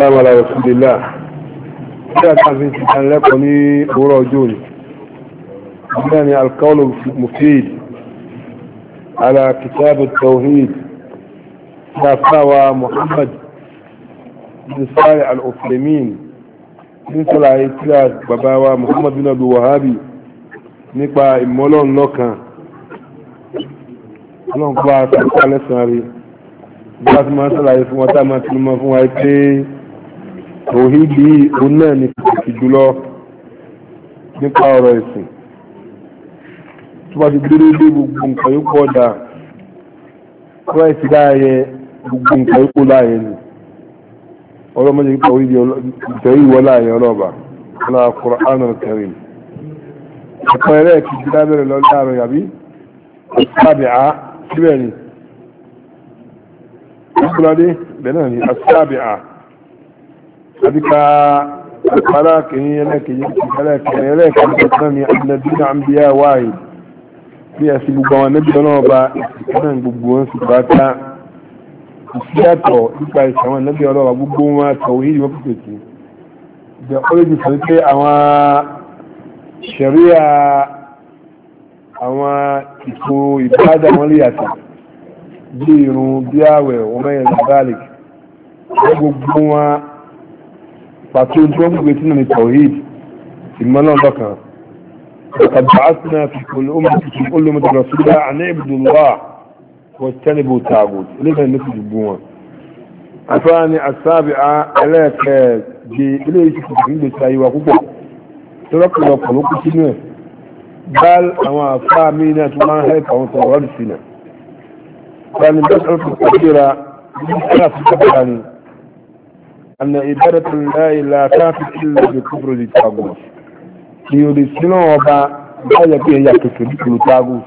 sáwàlá rasulillah tí a kàn fi ti kan lẹ́kọ̀ọ́ ní òwúrọ̀ ọjọ́ òní ọdún ni alkaulu mufid ala kitabu tawhid tí a sáwà muhammad bin sari al-uthaymin ní sọ́la tí a bàbá wa muhammad bin abdul wahabi nípa ìmọ́lọ́n lọ́kàn ọlọ́nkọ́ bá a sàkọ́ alẹ́sàn rí bí a ti máa sọ́la yìí fún wọn tá a máa ti tòhídì òun náà ni pàtàkì jùlọ nípa ọ̀rọ̀ ẹ̀sìn tó bá ti dúró dé gbogbo nǹkan yóò pọ̀ dà christ láàyè gbogbo nǹkan yóò pọ̀ láàyè ni ọlọ́mọdé tòhídì ìtẹ̀rí ìwọ láàyè ọlọ́ọ̀bà ọlọ́ Al-Qur'an Al-Karim ẹ̀kọ́ ẹ̀rẹ́ kìí dábẹ̀rẹ̀ lọ láàrin àbí asábìá síbẹ̀ ni ìkúládé bẹ̀rẹ̀ ni asábìá àbíká àpárá kìíní ẹlẹ́kìíní ẹlẹ́kìíní ẹlẹ́kìíní náà ni àdínàdínà ń bí wáyé bí a sì gbogbo àwọn ẹlẹ́bí náà bá ìsìnkánná gbogbo wọn sì bá tá ìsíyàtọ̀ nípa ìsàwọn ẹlẹ́bí ọlọ́wà gbogbo wọn àtọ̀wé ìdí wọn pèsè sí the college sọ pé àwọn ṣẹ̀ríà àwọn ìkó ìbáàdà wọn lè yàtọ̀ bí irun bí àwẹ̀ wọn mẹ́yẹ̀ pàtó tó ń gbé sínú ní tawhid ìmọ̀lọ́dọ̀kan لقد بعثنا في كل أمة في كل أمة رسولا أن اعبدوا الله واجتنبوا الطاغوت لما نفس الجموع أفاني السابعة عليك بإليه تكون بسعي وقوة تركوا لقلوك سنوه بل أما فامينا تمان هيك أو تغرسنا فأنا بسألك الكبيرة بسألك الكبيرة ibadatul la na أن عبادة الله لا تافت إلا بكفر التاغوت ليرسلوا وبا لا يكون يكفر التاغوت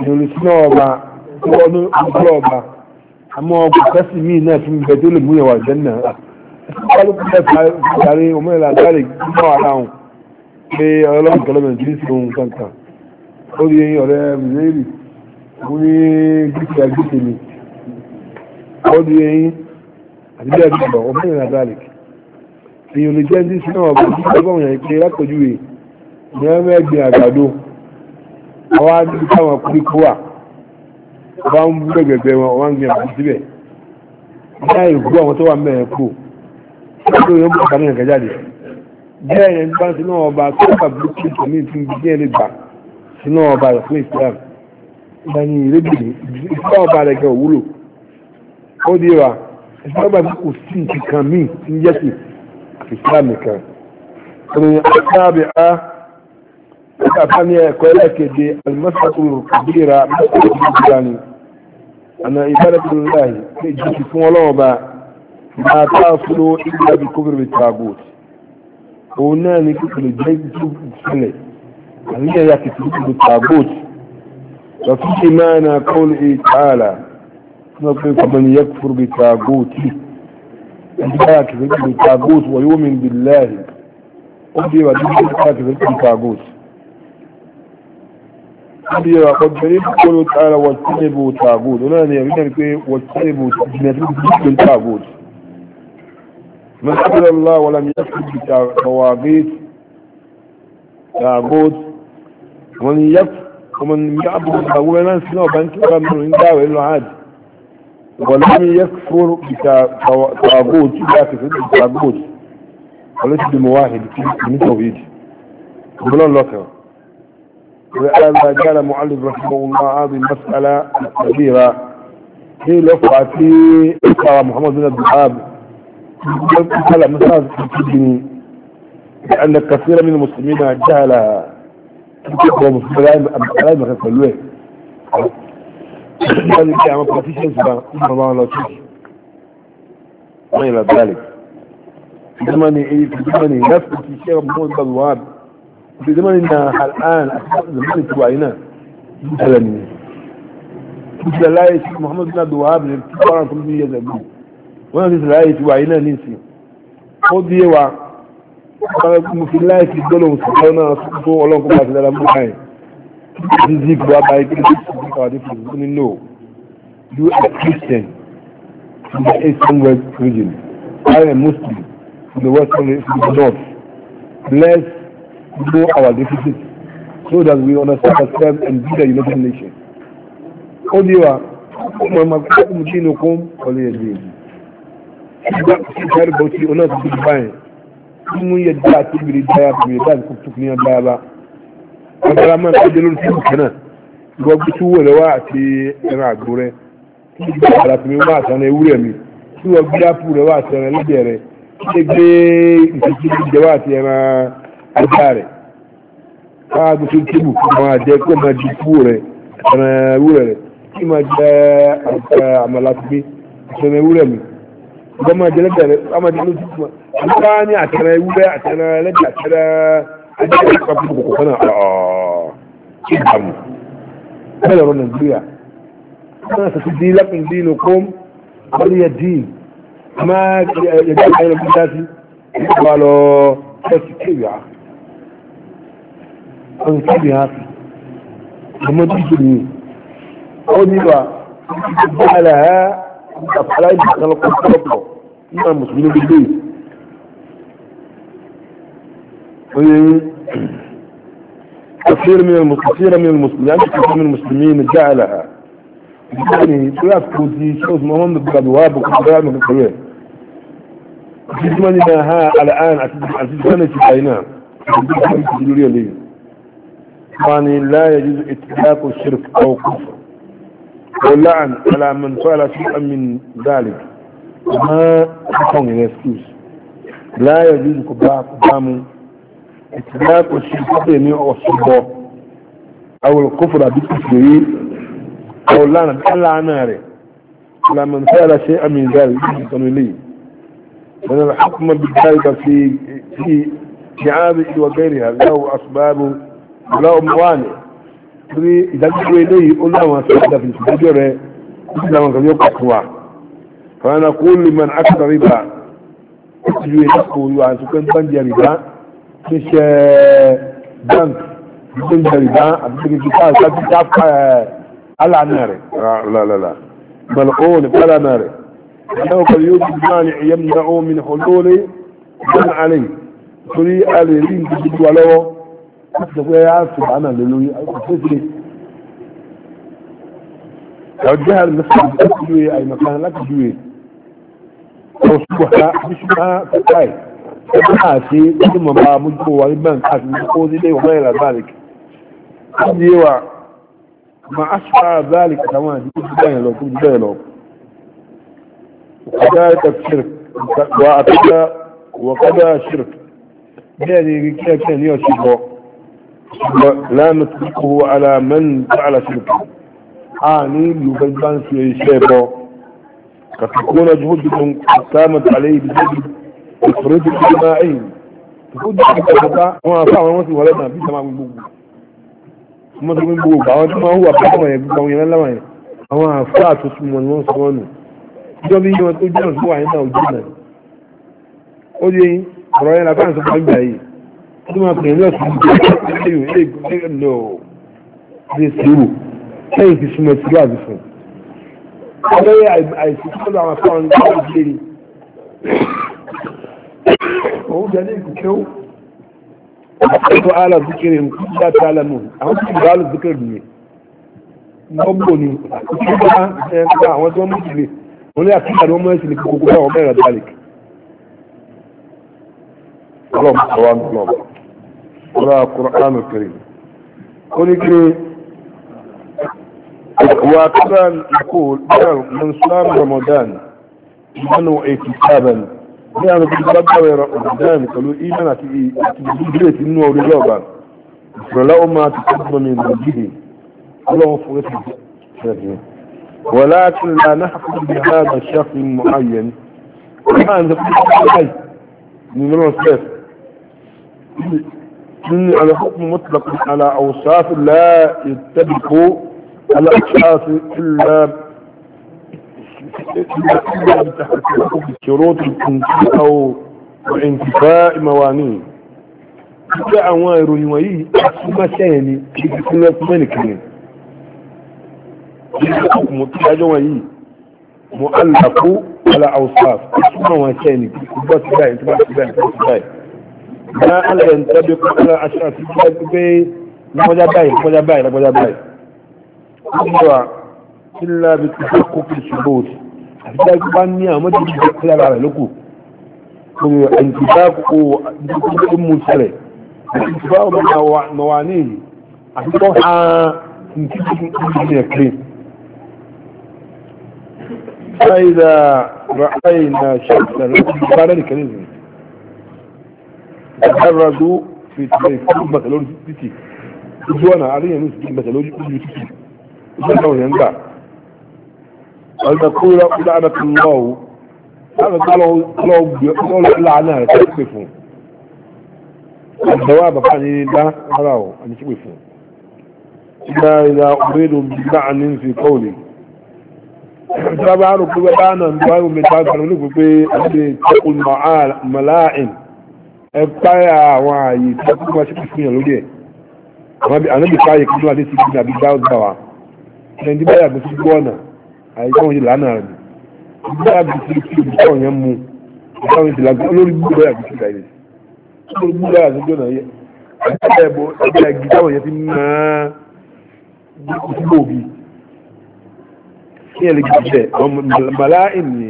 ليرسلوا وبا wọnú ọjọ́ ọba àmọ́ ọkọ̀ kẹ́sì míì náà tún bẹ̀ tó lè mú ìwà ìjẹ́ náà kálukú lẹ́fà ìdarí ọmọ ìlà àgbáre gbọ́ ara hùn pé ọlọ́run tọ́lọ́mọ̀ tí ń sin ohun kankan ó rí ọ̀rẹ́ mìíràn mú ní gbèsè àgbèsè mi ó rí ẹyin àti bẹ́ẹ̀ bí lọ ọmọ ìrìn àgbàlẹ̀ èèyàn lè jẹ́ ní sinú ọgbà tí ọgbọ̀n yẹn pé lápẹ̀júwe ìyẹn mẹ́gbẹ̀ àgbàdo ọwá níbi táwọn koríko wà ọba ń bú gbẹgbẹgbẹ wọn ọwá ń gbìn àgbà síbẹ̀ ìyá ìgbó àwọn tó wà mẹ́rin kú ọdún yóò bọ̀ sáré nǹkan jáde bẹ́ẹ̀ yẹn bá sinú ọba tó wà burúkú tòmí tún bí díẹ̀ lè gbà sinú ọba rẹ̀ fún Islam ìdáni ìrẹ́bìnrin ìfẹ́ ọba rẹ̀ gẹ̀ òwúlò ó di wa ìṣẹ́ ọgbà bí kò sí nǹkan míì tí ń jẹ́ sí islam nìkan ìròyìn àtàbí a nígbà tá ní ẹ̀kọ́ ẹlẹ́kẹ̀dẹ̀ alimọ́sàkùn kàbíra mọ́sàkùn kàbíra ni àna ìbáraẹ̀kùn láàyè pé jìkì fún ọlọ́wọ́ bá máa tá a fúnú ìgbà bí kókèrè bí tààgùt òun náà ní kíkìlì jẹ́ ìtú sílẹ̀ àníyàn yà kìtìkì bí tààgùt lọ́sùn ìmáà náà kọ́ọ̀lù فمن يكفر بتاغوته يكفر بالتاغوت ويؤمن بالله أبدي وجهه يكفر بالتاغوت أبدي وقد بريد قوله تعالى واجتنبوا تاغوت هنا يريد أن واجتنبوا بالتاغوت من قبل الله ولم يكفر بتواغيت تاغوت ومن يكفر ومن يعبد تاغوت أنا ومن كبيرا من ومن إلى عادي ولم يكفر بتاغوت لا كفر بتاغوت وليس بمواهد من توحيد بلا لك ولهذا قال معلم رحمه الله هذه المسألة كبيرة في لفعتي قال محمد بن عبد الوهاب قال مسألة تجدني لأن كثير من المسلمين جهلها ومسلمين لا يمكن wọ́n lè bí àwọn politicians bá ìgbà wọn lọ sí wọ́n yìí lọ́dọ̀lẹ̀ zamani èyí fi zamani lẹ́fù ti ṣe mọ́ ìgbàlùwà fi zamani na al'an àti zamani ti wà yìí náà ní tẹ́lẹ̀ ni ìṣẹ̀lẹ̀ láyé sí Muhammad bin Abdul Wahab ní two hundred and twenty years wà ní náà Isaac Rabbi Isaac Rabbi no. You are Christian from the Eastern West region. I am Muslim from the Western from the North. Let's know our deficits so that we understand ourselves and be the United Nations. Odiwa, ọmọ akẹ́kọ̀ọ́ mu dín okun ọ̀lẹ́ ẹ̀dẹ́ yìí. Ṣé ìgbà tí ìgbà rẹ̀ bọ̀ sí ọ̀nà àti ìgbà yẹn? Ṣé mú yẹ dáa tí ìbèrè dáa ìbèrè dáa ìkókò ní agbára? agbára máa tó dé lórí tíìmù kan náà ìwọ bí tí wúwo rẹ wá àti ẹran àgbo rẹ tí ìgbà àgbàlá fi mi wá àtàrà ewúrẹ́ mi tí wọ́n gbé ápù rẹ wá àti ẹran lẹ́dẹ̀ rẹ tí wọ́n gbé ìtìjú ìjẹ wá àti ẹran ajá rẹ wá àgbo tó tíìmù kó máa jẹ kó máa di wúwo rẹ ẹran ewúrẹ́ rẹ kí máa jẹ àmàlà fi gbé ewúrẹ́ mi ìgbà máa jẹ lẹ́dẹ̀ rẹ wá máa jẹ lójú ajẹ́kọ̀ọ́ ìpá púpọ̀ kọ̀kọ́ náà ọ̀ọ́ ìdààmú bẹ́ẹ̀ lọ́rọ̀ nàìjíríà wọ́n náà sọ̀tún dín lápùn dín ní kóm wọ́n yẹ dín àmá yẹ̀dá ayẹyẹ bí dá sí ìgbà lọ ẹ̀sì kéwì á wọ́n ti kéwì á sí ọmọ tí kò ní ọ ní wa ìgbà àlàyé àfàlà ìgbà kan lọ́kọ̀ pọ̀lọpọ̀ nígbà mùsùlùmí gbogbo yìí كثير من كثير من المسلمين يعني كثير من المسلمين جعلها يعني ثلاث كوزي شوز مهم بالابواب وكلام من الكلام في زمننا الان في زمن بيننا يعني لا يجوز اتلاف الشرك او كفر ولعن على من فعل شيئا من ذلك ما لا يجوز كبار قدامه اطلاق الشيطان يعني والصبا او الكفر بالتكفير او لعنة بألا ناري لمن سأل شيئا من ذلك التنويلي من الحكم بالذلك في في شعابه وغيرها له اسباب وله موانع اذا قلت اليه قل لهم سأل في الفجر قل لهم قد يقع فانا اقول لمن اكثر ربا تجوي نفسه وعن سكن بنجي ربا ṣíṣe bank gbígbé ìgbà àbígbé káàkiri láti ká alànà rẹ̀ lálàlà balkoni alànà rẹ̀ ẹ̀yọ́ pẹ̀lú yóò ti gbá ní ẹ̀yẹ́ mìíràn ó mi nìkan lórí gbọ́n alẹ́ torí alẹ́ rí ní gbogbo wa lọ́wọ́ láti sọ pé a sọ bá náà lé lórí àkọsíṣe ọjọ́ àrùn láti ju àìmọ̀kan láti ju ẹ̀ ọ̀ṣùgbọ̀n àti ọdúnmọ̀ bá mújúmọ̀ wà nígbà àti kó nílé ìwọ̀n ìrà zalik ọdún yíwa ma a ṣe fara zalik àtàwọn àti kó jùlọ ìlọ kó jùlọ ìlọ wà àtúgbà wà kọ́dá shirk bẹ́ẹ̀ ni rí kíẹ̀kẹ́ ní ọ̀ṣì bọ́ lánà tó kó alamẹ́n tààlà ìfòròjì tó máa ẹ̀yìn tó dé ìjọba wọn àfa àwọn wọn sì wọlé náà bí sàmà gbogbo wọn tó gbogbo gbà wọn tó máa hùwà pẹ̀lú àwọn yẹn gbogbo àwọn yẹn láwọn yẹn àwọn àfa àtúntò wọn ni wọn sọ wọn nù ìjọba yìí wọn tó jẹ́ ọ̀sùn wà nínú òjì náà ó di ọ̀rọ̀ yẹn lápá àti pàmì báyìí ó tún máa pè ní ọ̀sùn ìjọba ilé ìgbẹ́ ṣe sùúrù lẹ́yìn ti súnmọ́ ìtìlú àdìsùn ọ̀rẹ́ àìsí tó lọ òun jẹ́ ní ìkùkẹ́ ó ọ̀pọ̀ àlà zikiri nǹkan bá ti àlà nù àwọn tí ìgbà àlà zikiri nìyẹn gbogbo ni ìṣẹ́ bá ẹ̀ ń gba àwọn tí wọ́n mú ìdílé wọn ní àtúntà ni wọ́n mú ẹ̀sìn ní kókó náà wọ́n bẹ̀rẹ̀ dalek ọlọ́m àwọn ọlọ́m ọlọ́ Al-Qur'an Al-Karim ó ní kí wà tó bá ń kó bẹ́ẹ̀ mọ̀ sáà Ramadan ìdánwò èkìtàbẹ̀ni ní àwọn tó bá gbàwé ẹ̀rọ ọ̀dàn pẹ̀lú iman àti ìdílẹ̀tì nínú orílẹ̀ ọ̀gbà ìfúrọ̀lá ó máa ti tẹ́jú mọ́mí ìlú jíde ọlọ́run fún ẹ̀sìn ṣẹ̀dẹ̀ wọ̀lá tí ń la náà fún mi ha na ṣáfin mu ayẹ̀ ni ọ̀gá ń zafi ṣáì ní lọ́nà sẹ́f إن الحكم مطلق على أوصاف لا يتبقوا على أوصاف إلا شروط الانتفاء وانتفاء موانيه gbogbo àwọn ìròyìn wọ̀nyí àtúmọ̀ṣẹ́ yẹn ni ibi tí wọ́n fún ẹnìkìnnì nígbà ọkùnmọ̀ tí ajọ́ wọ̀nyí mo alàkó ala ausaf àtúmọ̀ wọn ṣẹ́ ni gbogbo ti báyìí tó bá ti báyìí tó ti báyìí bá alẹ́ ń tẹ́bí kọ́lá aṣọ àti gbogbo pé lágbọ́já báyìí lágbọ́já báyìí lágbọ́já báyìí إلا بالتحقق الثبوت أحتاج باني أمدد بكلاب على لكو انتفاق أم سلي انتفاق موانيه أحتاج انتفاق يكريم فإذا رأينا شخصا قال لك لازم تحرزوا في تلفون مثلون في تيتي جوانا عليا نسبة مثلون في تيتي جوانا وينبع ọ̀nàkúrò lánàkú lọ́wọ́ lánàkúrò ẹ̀sẹ̀ fún àgbẹ̀wà bàbá ní dá ara ọ̀ àníṣẹ́pẹ̀ fún ìgbà ìlà òbèrè òbígbà àní ń fi kọ́ọ̀lì ìjọba àrùn pé bá náà ń bá omi ta gbàrún ní pípé àti tẹkùn màláìn ẹ páyà àwọn ààyè tẹkùn máa ṣẹ́pẹ̀ fún yàn lórí ẹ̀ àwọn àbí káyè kí ló wà ní ti gbìyànjú dáwọ́ gbà wá ẹni tí báyà gbèsè gbọ́ náà àyíká wọn ti lànà rẹ̀ ni bí a bí ti fi ìdíkọ̀ yẹn mu àyíká wọn ti lànà olórí gbúdọ̀ yà kìí ṣàyẹ̀ olórí gbúdọ̀ yà sọ́jọ́ náà yẹ àyíká ẹ̀bọ ẹ̀bí àgídá wọn yẹn ti ná ìdíkọ̀ òbí kí ẹ̀ lè gbé bẹ́ẹ̀ màlá ìní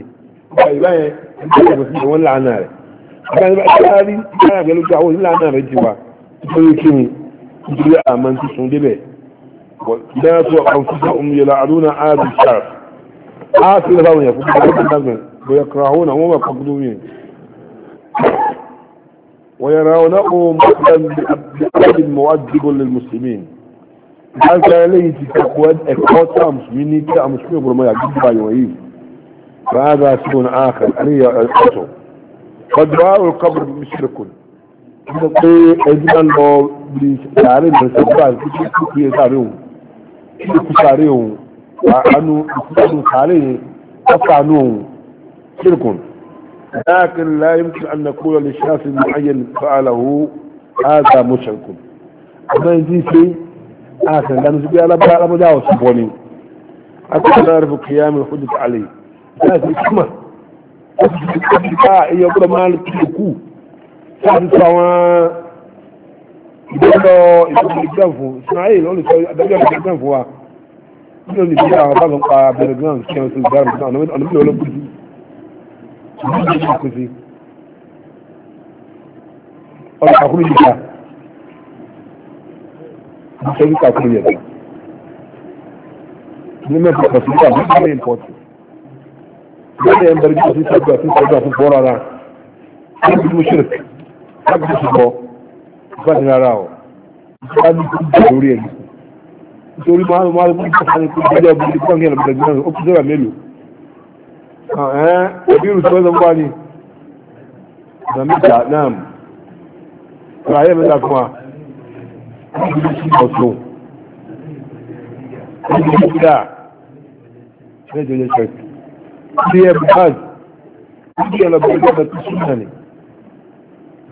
ìgbà yẹn ìgbà yẹn ti wọn lànà rẹ̀ àgbàlagbà tí a rí ìgbàlá pẹ̀lú pé àwọn ìlànà rẹ̀ ti wà nítorí kí ni nítorí àmà ti sùn débẹ̀ ìdáná tó àwọn fífà òun yẹlẹ àdúrà áàbì sáà عاصل لهم يقول ويكرهونه ويقبضونه ويرونه مثلا بأب مؤدب للمسلمين هل كان ليه تكوان اكوتا مسلمين كا مسلمين يقولوا ما يعجب بها يوهيب فهذا سبب آخر عليه الأسر فدعاء القبر مشرك أجمع الله بسعرين بسعرين كيف يسعرين كيف يسعرين anu anu kare afanu shirkun lakin la yumkin an naqula li shakhsin mu'ayyan fa'alahu hadha mushrikun amma yanzu sai a san dan su biya labba alamu da wasu boni aka tsara rubu qiyam al-hudud alai ya su kuma ka iya kuma maliki ku sai tsawa idan da idan da fu sai lolo sai da ga da fu wa nínú ní bíi àwọn báwọn pa abẹ́rẹ́ náà kí wọ́n ti dáàbò náà ọ̀nà mílíọ̀nù olókùnrin ìlú ìlú ìkùsí ọ̀nà àkúrú yìí ká nítorí kàkúrú yẹn ká ní mẹ́fà pọ̀ sí ìgbà ní ìpọ̀tù lórí ẹ̀ ń bẹ̀rẹ̀ bí wọ́n ti sọ́jọ́ àti fọ́ rárá láti mú ṣírk láti mú ṣùgbọ́ ìfàdínlára ọ̀ ìfàdínlára lórí ẹ̀yìn nítorí máa ń máa ń kọ́ sáré kó gbẹ́jọ́ bí kọ́ ní ẹ̀rọ gbẹ̀gbẹ́ ó kú sọ́ra mélòó ẹ̀ẹ́n òbí rùsọ́ ló ń wá ní ìdàmíjà náà rà ayé mẹ́ta fún wa níbi tí ọ̀tún níbi tí dá mẹ́jọ jẹ́ ṣe tí ẹ bí hàn níbi ẹ̀rọ gbẹ̀gbẹ́ bẹ̀ tó súnmọ́ ni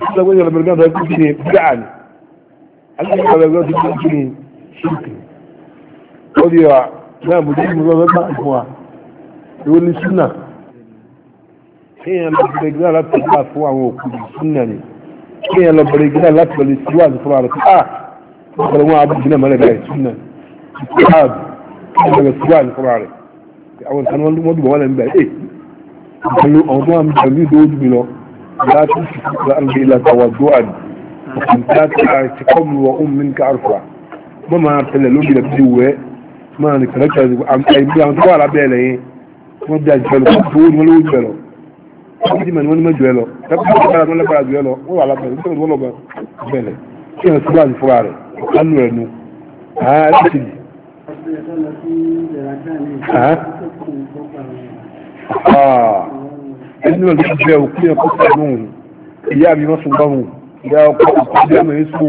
ìṣẹ́gbẹ́ ẹ̀rọ gbẹ̀gbẹ́ bẹ̀ tó kí ni bí àná alẹ́ ìgbà gbẹ̀gbẹ́ tó kí ni ṣíkì lórí wa náà mo dín ìmúlò mẹ́fà fún wa ìwé ní súnà kéèyàn lọ bẹ̀rẹ̀ gíga láti gbà fún àwọn òkú súnà ni kéèyàn lọ bẹ̀rẹ̀ gíga láti lọ lè sí wà ní fúnra rẹ̀ ká ọ̀pọ̀lọpọ̀ wọn abúlé náà mọ́lẹ̀ bẹ̀rẹ̀ súnà ìfúnnáàbù kéèyàn lọ bẹ̀rẹ̀ sí wà ní fúnra rẹ̀ àwọn ìtàn wọn dùn wọn lẹ́nu bẹ̀rẹ̀ ìgbàlú ọ̀hún tó wà ní ìdòwò jù mí lọ láti fi kúkúrú àlùbí ilà tàwàdúà ni òkùnkà ti àìsíkọ́ mi wọ máa rìn kẹ̀lẹ́kẹ̀ àìgbé àwọn tó wà lábẹ́ ẹ̀lẹ̀ yẹn wọ́n bí àjùfẹ́ lọ fún owó ni wọ́n lówó jù ẹ lọ wọ́n ti mọ̀ ni wọ́n ní mẹ́jọ ẹ lọ lẹ́kọ̀ọ́ tó lágbára wọn lágbára jù ẹ lọ wọ́n wà lábẹ́ ẹ̀lẹ́ wọ́n lọ́gbà bẹ̀lẹ̀ kí ẹ̀ tó bá àti fúra rẹ̀ kánú rẹ̀ nu ẹni wọn lè bẹ òkú yẹn kó sọ lóhùn ìyá mi wọn sùn bá wọn ìyá ọkọ òkú yẹn mọ èso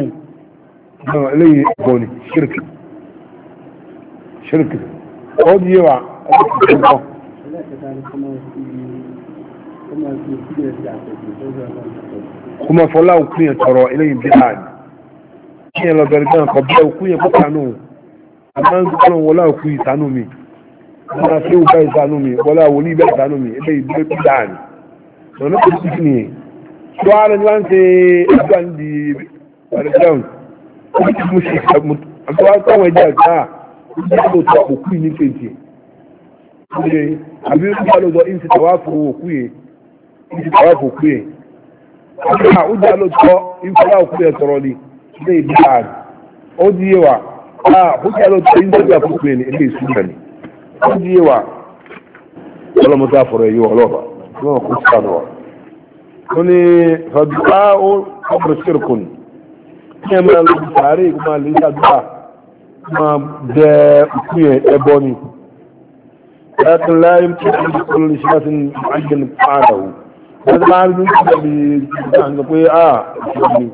náà eléyìí ọgbọ́n ni ṣírìkì ṣírìkì ó di yé wa ọdún tó kọ́. kuma fọlá òkú yẹn tọrọ eléyìí bí àná kí yẹn lọ gan kọ bẹ́ẹ̀ òkú yẹn kó kanú àmọ́ ń kọ́ lọ́n wọlá òkú yìí sànú mi wọlá séwù báyìí mi wọlá wòlíì bẹ́ẹ̀ sànú mi eléyìí bí bí àná lọ́nà tó ti fi nìyẹn tó ara ní wọ́n ṣe ẹgbẹ́ àti di bàrẹ̀ dáhùn ó ti mú ṣe àtọ́wọ́ ẹ̀jẹ̀ àti náà ìgbàlódé tó òkú yìí ní kejì ẹ̀ àbí ìgbàlódé ìsì tàwáfù òkú yìí ìsì tàwáfù òkú yìí àbí ìgbàlódé ìfọwọ́ òkú yẹn sọ̀rọ̀ ni ilé ìdí ààrẹ ó di yé wa ìgbàlódé ìsì tàwáfù yẹn ilé ìsúnjẹ ni ó di yé wa ọlọ́mọdé àfọ̀rọ̀ yìí wọ ọlọ́ba kò sànù wa máa bẹ ìpín ẹbọ ni láti láyé tí a ń kọ́ lè ṣe láti ayé ní pààrà o láti máa ń rí ìpínlẹ̀ bí ìjọba ń a ṣe ni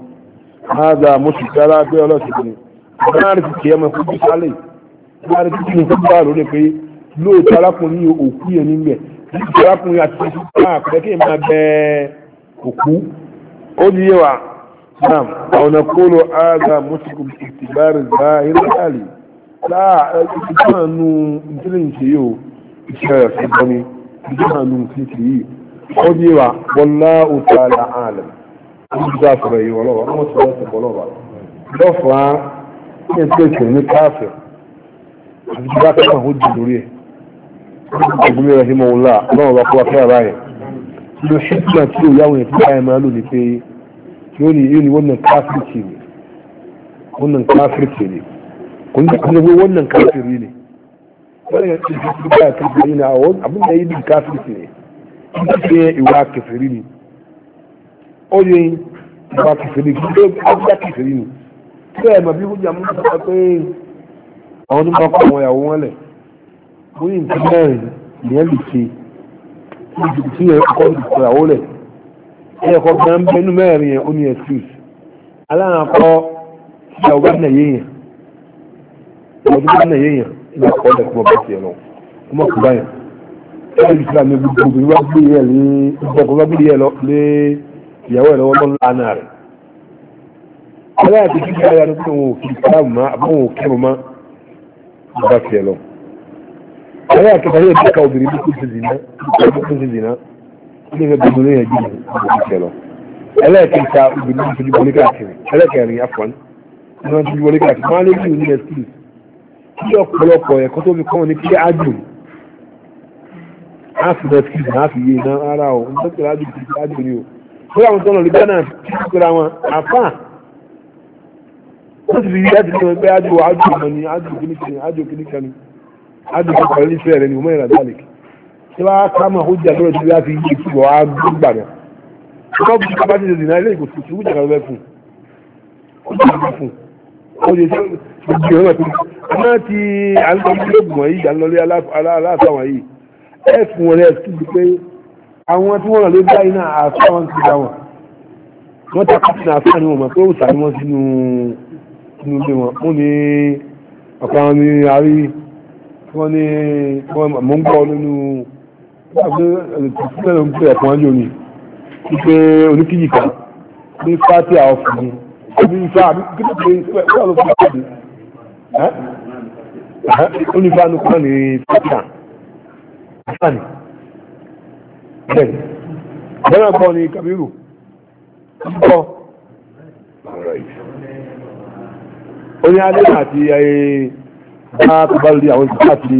máa gba mọ́sù tí ara gbé ọlọ́sìn ni máa rí kìkì ẹmọ ẹkọ bí sálẹ̀ máa rí kìkì ẹmọ ẹkọ bá lórí pé lóòótọ́ arákùnrin òkú yẹn nílẹ̀ lóòótọ́ arákùnrin àti ìṣúná àpẹẹkẹ́ máa bẹ òkú نعم أو نقول هذا مشرك باعتبار الظاهر الحالي لا إنه إنتلين شيء إشارة سبحانه إنه إنتلين شيء والله تعالى عالم ìgbàsọ̀rọ̀ yìí wọ́lọ́wọ́ wọ́n sọ lọ́sẹ̀ bọ́lọ́wọ́ lọ́fà ní ẹ̀sẹ̀kẹ̀ ní káàfẹ̀ àti bá kẹ́kọ̀ọ́ ó jù lórí ẹ̀ ọgbọ́n ìrẹsì mọ̀wọ́lá ọlọ́wọ́ bá kọ́ wá fẹ́ ara ẹ̀ lọ ṣíkìlá tí ó yáwọn ètò báyìí máa lò ní pé yoni yoni wannan kafirci ne wannan kafirci ne kun da kuma wannan kafiri ne wannan kafirci ba kafiri ne a wani abin da yi din kafirci ne kuma sai ya iwa kafiri ne oye iwa kafiri ne kuma abuja kafiri ne bẹ́ẹ̀ mọ̀ bí hujja mú sọ pé àwọn tó bá kọ àwọn ìyàwó wọn lẹ̀ mo ní nǹkan mẹ́rin ìyẹn lè ṣe kí ìdìbò sí ìyẹn kọ́ ìdìbò ẹ̀kọ́ gan bẹnu mẹ́rin yẹn ó ní excuse aláàkọ́ ṣe ọgbà náà yéèyàn ọdún bá náà yéèyàn ní ọkọ̀ ọ̀dẹ̀ kúmọ̀ bá tiẹ̀ lọ kúmọ̀ kú báyìí ẹ̀rọ islam ní gbogbo obìnrin wá gbé yẹ lé ìgbọ̀kọ̀ wá gbé yẹ lọ lé ìyàwó ẹ̀ lọ́wọ́ lọ́nà lánàá rẹ̀ aláàkọ́ kíkẹ́ ayára pé wọn ò fi ìpàdà mọ́ àbọ̀wọn ò kẹ́rù gẹ́gẹ́ bí olóyè ẹ̀jú ìlú ìṣẹ̀ lọ ẹlẹ́ẹ̀kẹta obìnrin náà fojú wọlé káàkiri ẹlẹ́ẹ̀kẹrin afọ́n náà fojú wọlé káàkiri máa lé ní ìlú ẹ̀sìn kí ọ̀pọ̀lọpọ̀ ẹ̀kọ́ tó fi kọ́ wọn ní pé ájù á fi lọ sí ìdá fi yé iná ara ọ̀ ń tọ́jú ájù kì í ájù ni o bóyá àwọn tọ́nà olùgbé náà kí wọ́n pera wọn àfà wọ́n sì fi yí láti lọ pé ájù ájù ọmọ ni ájù kìnnìkan ni ájù kìnnìkan ni ájù kọkànlélẹ́sẹ̀ tí wàá ká mọ̀ ojú àgbẹ̀rẹ̀ tí wàá fi yí kí wọ́n á gbà náà kọ́ bí kábà ti dènà ilé ìkòsí tí wújà kan fẹ́ fún un ó ti fún un ó lè ṣe ìgbìyànjú ọ̀nà tó àmọ́ ti à ń lọ sí lóògùn wọ̀nyí à ń lọ lé aláàfáà wọ̀nyí ẹ̀ fún wọn ẹ̀ sí ibi pé àwọn tí wọ́n lọ lé báyìí náà àfáà wọn ti dá wọn wọ́n ta kọ́tù náà fáà ni wọ́n mọ̀ pé ó sà ni wọ́n sínú inú ilé wọn ó ní ọ̀pọ̀ àwọn ní àárí wọ́n ní mọ̀ ń gbọ́ nínú láti ìpínlẹ̀ ń pè ẹ̀kọ́ ọjọ́ ni wípé oníkíyì kan ní fáti àwọn fún mi àbí ifá àbí kíkọ́ pé ìfẹ́ ọ̀lọ́ fún mi ó ní fáánù kan ní pátíà àtàní bẹ́ẹ̀ bẹ́ẹ̀ kọ́ ni Kabiru kọ́ ó ní alẹ́ àti ayé bá tó bá lórí àwọn ìgbà àti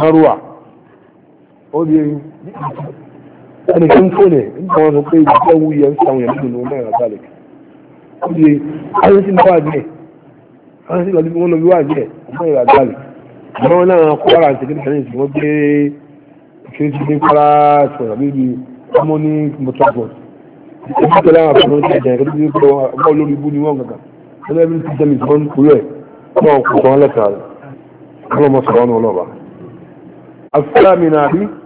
márùwà ó di eyín ẹni tó ń fóònù nígbà wọn sọ pé ìdíjẹ́ wú yẹn ń sàwọn yẹn nínú náà rà balẹ̀ ó di ayé ayé lọ́dún wọn bí ọmọ balẹ̀ náà kó ara kékeré wọn gbé kékeré sọ̀rọ̀ ọmọ ní tó láwọn ti kọ́ ọmọ olórí ibú ni wọ́n gàgà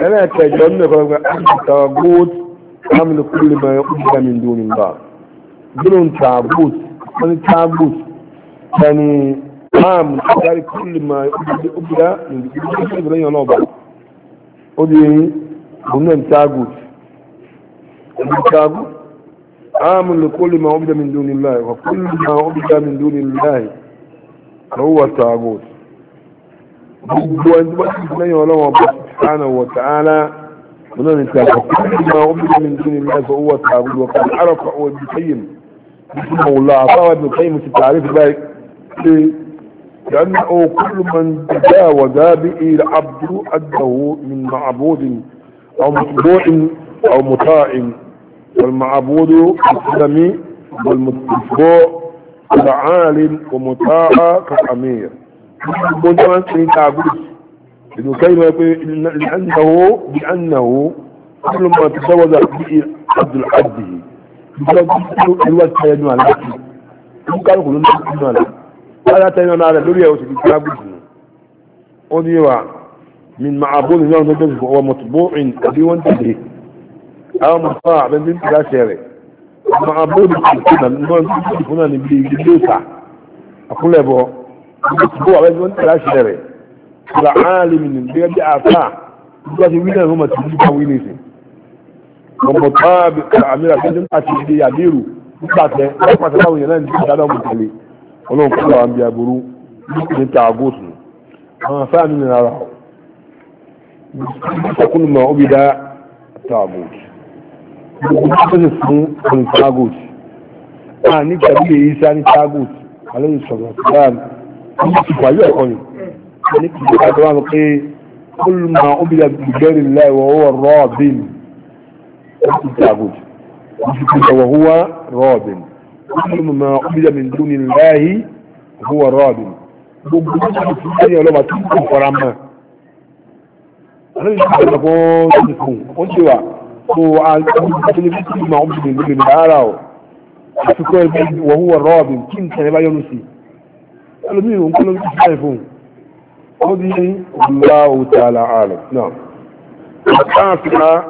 أنا أتجنب فأقول أحد تابوت عمل كل ما يقول من دون الله بدون تابوت من تابوت يعني عام ذلك كل ما يقول من دون الله ودي هنا تابوت التابوت عام لكل ما عبد من دون الله وكل ما عبد من دون الله هو التابوت gbogbo ẹni tó bá ti سبحانه وتعالى من ما عبد من دون الله فهو تعبد وقد عرف هو ابن القيم رحمه الله أعطاه ابن القيم في التعريف ذلك لأنه كل من تجاوز به العبد أده من معبود أو مطبوع أو مطاع والمعبود بالسلم والمتبوع كعالم ومطاع كأمير. ابن كيما يقول لأنه بأنه قبل ما تزوج به عبد الحد الوقت يجمع على كان يقول لنا يجمع على ولا تجمع على دوريا وسكي كلاب أنيوا من معبود يوم نجد هو مطبوع أبي وانتهي أو مطاع من بنت لا شيري معبود كنا نقول هنا نبي نبيوسع أقول له مطبوع من بنت لا شيري العالم من بيد آفاع بيد وينا هم تجيبها وينيسي ومطابق العميرة كنتم أتجدي يديروا nígbàtẹ́ lápàtẹ́ láwọn èèyàn náà ní ìdádọ́ mú tẹ̀lé ọlọ́run kúrò àwọn àbí aburú ní ta àgóòsù àwọn afẹ́ àmì nìyàrá ọ̀ ìṣàkúnnù mọ́ ó bí dá ta àgóòsù gbogbo tó fẹ́ fún ọ̀nà ta àgóòsù a ní tàbí èyí sá ní ta àgóòsù alẹ́ ìṣọ̀rọ̀ sáà ní ìṣùpá yóò kọ́ ni nípa ìjọba wọn pé kúlùmọ̀ obìnrin àgbẹ̀rẹ̀ láìwọ̀ owó rọ́ọ̀bìn láti tààbùd ìṣùkùnjẹ wọ̀ húwá rọ́ọ̀bìn kúlùmọ̀ obìnrin min dúni láì húwá rọ́ọ̀bìn gbogbo ìṣùkùnjẹ ọlọ́wà tó ń kó fara mọ́ àlejò ìṣùkùnjẹ kó ti fún ó ti wà kó àgbẹ̀rẹ̀ obìnrin min lára o àfikún ẹgbẹ́ wọ̀ húwá rọ́ọ̀bìn kí n tẹ̀lé bá yọnu sí ẹlòmíràn ń kọ́ lórí ìṣùkùnjẹ fún un قضي الله تعالى عالم نعم التاسعة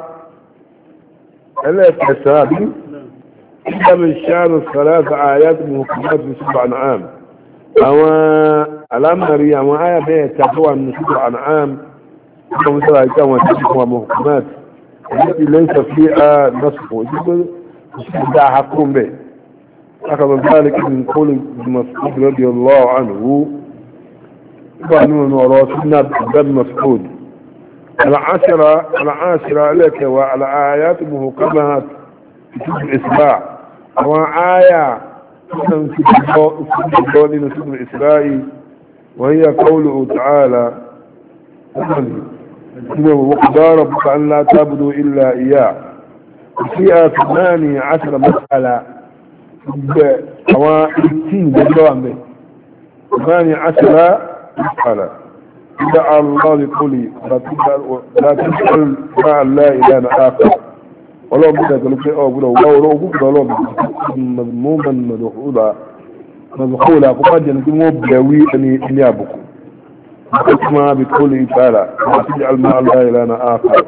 ألا كسابي إلا من شان الثلاث آيات محكمات بسبع أنعام أما الأمر أما آية بها تحوى من سبع أنعام كما سبع كما تحوى محكمات التي ليس فيها نصف وجب دع حقهم به أخذ ذلك من قول المسعود رضي الله عنه بنون وراسنا بن مسعود العشرة العاشرة لك وعلى آيات مهقمة في الإسباع وآية في الإسباع وهي قوله تعالى وقضى ربك أن لا تعبدوا إلا إياه فيها آية ثماني عشر مسألة وإتين بجوان به ثمانية عشر مسألة دعا الله يقولي لا تسأل مع الله إلى آخر ولو بدأ قالوا شيء أو قلوا لو لو قلوا لو مذموما مدخولا مدخولا قد ينتموا بلاوي أن يابكم ما بتقولي تعالى لا تجعل مع الله إلى آخر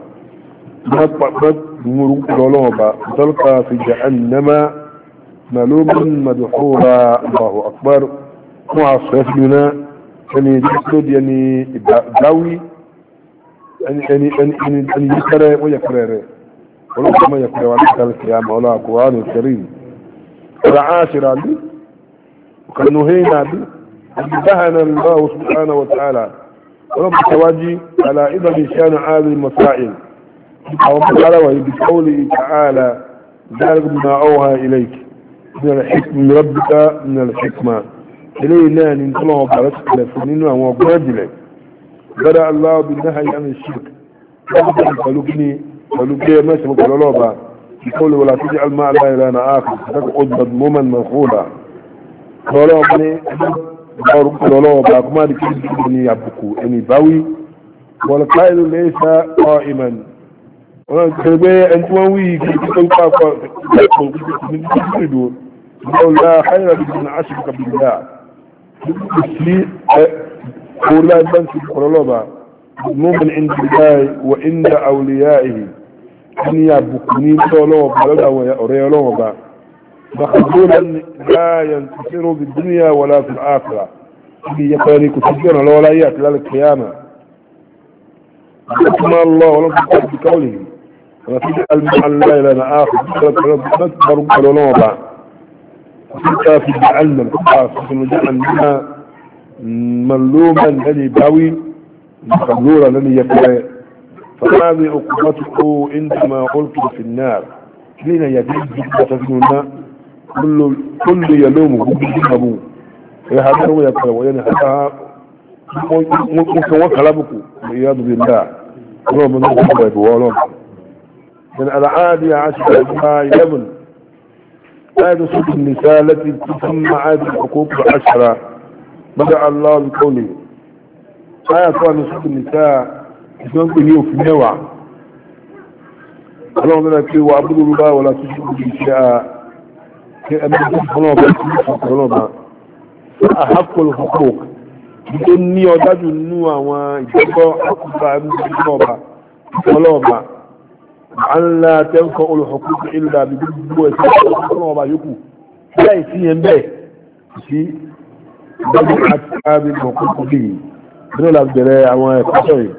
نطبقت مروك لولوبا تلقى في جهنم ملوما مدحورا الله أكبر مع الصيف ẹni tó di ẹni ìdáwí ẹni yíkẹrẹ wọ́n yẹkẹrẹ rẹ̀ ọlọ́pàá mọ́ yẹkẹrẹ wà lẹ́kẹrẹ kìyàmà القرآن الكريم kẹrin ọ̀rọ̀ àṣírà bí kanu hẹ́nà bí الله سبحانه وتعالى ورب التواجي على إذا شان هذه المسائل أو قال بقوله تعالى ذلك ما أوها إليك من الحكم من ربك من الحكمة eléyìí náà ni tó lọ́wọ́ bàrẹ́ ti tilẹ̀ fún nínú àwọn ọgbọ́n ìjìnlẹ̀ gbọ́dọ̀ aláwọ̀bí náà yà ní ṣírk lọ́wọ́ pẹ̀lú kíni pẹ̀lú pé mẹ́sàn án pẹ̀lú ọlọ́ọ̀bà ìkọlù wọlá títí alma aláìlá na áàkù sẹ́kọ̀ ọdún mọ́mọ́n mọ́ fúnra lọ́wọ́ ní ọrù pẹ̀lú ọlọ́ọ̀bà kúmá di kí ní àbùkù ẹni báwí wọlé káìlú lẹ́sà ọ ìmàn wọn kẹgbẹ́ ẹni tí wọ́n wí في قولا آه، بنس القرلوبة نوم عند الله وعند أوليائه أن يبكنين طولوا بلدا وريولوا با مخذولا لا ينتصر في الدنيا ولا في الآخرة في يقرني كتبنا لولا يأتي للقيامة ما الله ولم تكتب بقوله ونفيد المعنى لا إلى آخر بلد ولم تكتب بلدا وريولوا با وحتى في جعلنا القطعة وجعلنا ملوما الذي باوي مخلورا الذي يبعي فهذه عقوبته عندما قلت في النار حين يجد جدة في الماء كل كل يلومه بجنبه يهدر ويكره وينهدها ممكن وكلامك والعياذ بالله اللهم نرجو الله ولهم من العادي عشر ما يمن لا يسد النساء التي تسمى هذه الحقوق العشرة بدأ الله بقوله لا يسد نسد النساء اسمان كنيو في النوع اللهم لا تكي وعبدوا الله ولا تشركوا به شيئا كي أمريكا الظلمة الظلمة فأحق الحقوق بدون نيو دادو النوع وإجابة أكبر من الظلمة الظلمة an la tẹ́ǹkọ́ olùhọ̀kúkú ìlúdà bí gbogbo ẹ̀sìn ọ̀pọ̀lọpọ̀ ọba yòókù bẹ́ẹ̀ sí yẹn bẹ́ẹ̀ sí gbogbo àtàbí mọ̀kúkú bí nínú la bẹ̀rẹ̀ àwọn ẹ̀kọ́ sọ̀rọ̀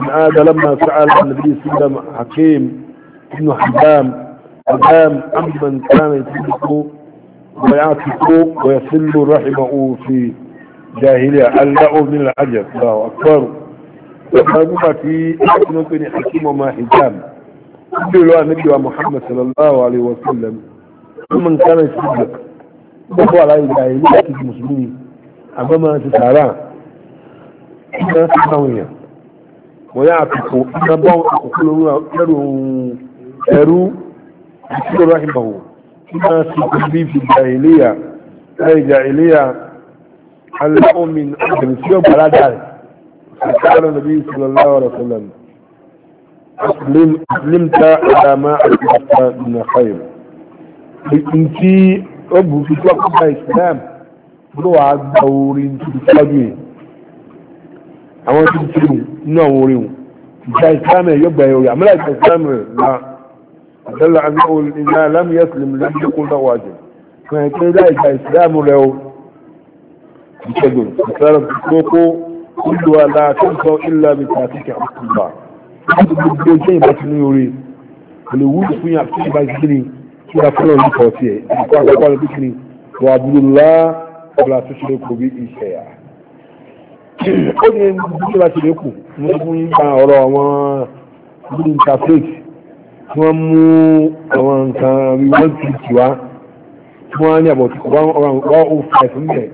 ní adalama sa'ala nabi sallam hakim ibnu hibam adam amman kana yatuko wa yatuko wa yasillu rahimahu fi jahiliya allahu min al-ajab allahu akbar wa kuma fi akinu bin hakim wa ma hijam قالوا النبي محمد صلى الله عليه وسلم من كان يصدق هو على الجاهلية المسلمين أمام تسارع إما سنوية ويعتق ان بو أقول يرو يرو يسير رحمه إما سيكون في الجاهلية أي جاهلية على من أجل سيوم على ذلك النبي صلى الله عليه وسلم أسلمت على ما أسلمت من خير إنتي أبو في وقت الإسلام ló wàá gba orin tó ti tọ́jú yìí àwọn tó ti tìrù nínú àwọn orin ìjà islam ẹ̀ yọgbà ẹ̀ orin àmọ́lá ìjà islam rẹ̀ la àdọ́là àbíkó ìjà alámìyá sílẹ̀mù lẹ́yìn tó kún lọ́wọ́ àjò fún ẹ̀ pé dá ìjà islam rẹ̀ o ìṣègùn ìṣẹ́rọ̀ tó kó kó kúlù àlá àtúntò ìlà bìtà àti kẹ̀kọ́ kúlù láti gbogbo jẹ́ ìbátan ní orí kò lè wúlò fún yà fún ìbá ìsìnkí ni kí wọ́n fẹ́ràn ní kọ̀ tiẹ̀ ìkọ́ àkọ́kọ́ rẹ̀ pínpín wà búrò lá ọ̀la tó ṣe kò bí iṣẹ́ yà. ó ní bí wọ́n ṣe lè kù ní fún yípa ọ̀rọ̀ àwọn bíi interface tí wọ́n mú àwọn nǹkan bí wọ́n ti tì wá tí wọ́n ní àbọ̀ one oh five nílẹ̀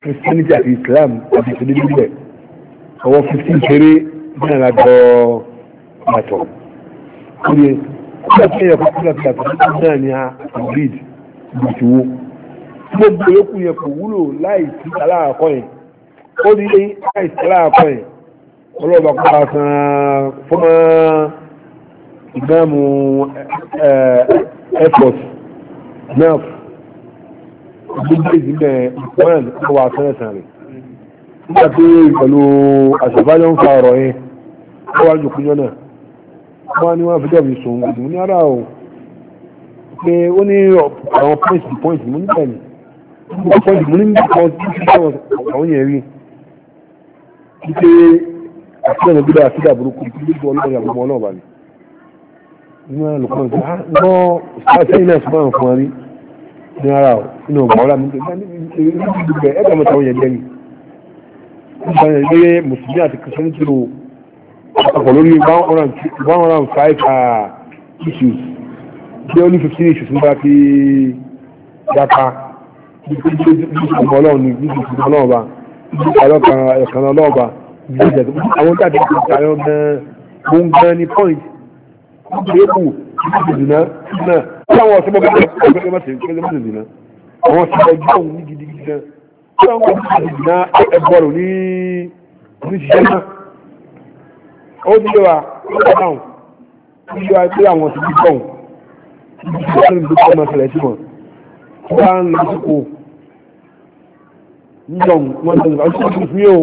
Christianity àti Islam àti ìṣèlú nílẹ̀ ọwọ́ fifteen bẹ́ẹ̀ la gbọ́ pàtó kúrẹ́ kúrẹ́ yẹ kó kúrẹ́ pàtó náà ni a lead gbùtùwó gbogbo yòókù yẹ kò wúlò láì sí aláàkọ́ yẹn ó di láì sí aláàkọ́ yẹn ọlọ́ọ̀bà kó bá san fọ́nmọ́ ìgbàmù airport nerf gbogbo ìdílé ìpọ́n ẹ̀ wà sẹ́lẹ̀ sàn rẹ̀ nígbà tó pẹ̀lú àṣàbáyọ̀ ń fa ọ̀rọ̀ yẹn wọ́n wájú kúnjọ́ náà wọ́n ní wọ́n fi dẹ́bi sòun gbèsè mo ní ara o pé ó ní àwọn pọ́ìntì pọ́ìntì mo ní bẹ́ẹ̀ ni wọ́n pọ́ìntì mo ní nǹkan tí kí wọ́n àwọn yẹn rí i pé àti ọ̀nà gbígbà àti ìdàbùrúkú gbígbà ọlọ́run àgbọ̀mọ́ ọlọ́run bá ní nínú àwọn olùkọ́ ìgbà wọ́n sẹ́yìn náà sọ́mọ́ fún wọn rí ní ara ọ̀ nínú ọgbà ọ̀la mi nígbà ẹgbẹ̀mọ́ta wọn yẹn jẹ́ mi nígbà yẹn gbé mùsùlùmí àti kìrìsìtẹ́nì àpapọ̀ lórí one hundred and five uh, issues tí ó ní fifteen issues nígbà tí yapa bíbí ọlọ́run ní bíbí ọlọ́ọ̀ba bíbí ọlọ́ọ̀kan ẹ̀kan ọlọ́ọ̀ba bíbí ìjẹ̀dọ̀ àwọn tí a ti fi tayọ gan-an mo ń gan ní point ó ti ékù bíbí ìdùnnà náà ó láwọn ọ̀sẹ̀ mọ́gbẹ́ ọ̀gbẹ́ mọ́sẹ̀ ọ̀gbẹ́ mọ́sẹ̀ ìdùnnà àwọn ti ẹgbẹ́ òun ní gidigidi gan-an ó láwọn ọ̀gbẹ́ ìdùnnà ẹgbọ́rò ní oníṣiṣẹ́ náà ó nílò wa ó kọ́ náà nílò wa pé àwọn ti gbígbọ́ òun ìgbìyànjú wọn ló kọ́ máa ṣẹlẹ̀ sí wọn wọ́n á ń lọ sí kò níjọ wọn lọ sí ọ̀sẹ̀ ìṣẹ̀lẹ̀ fún yóò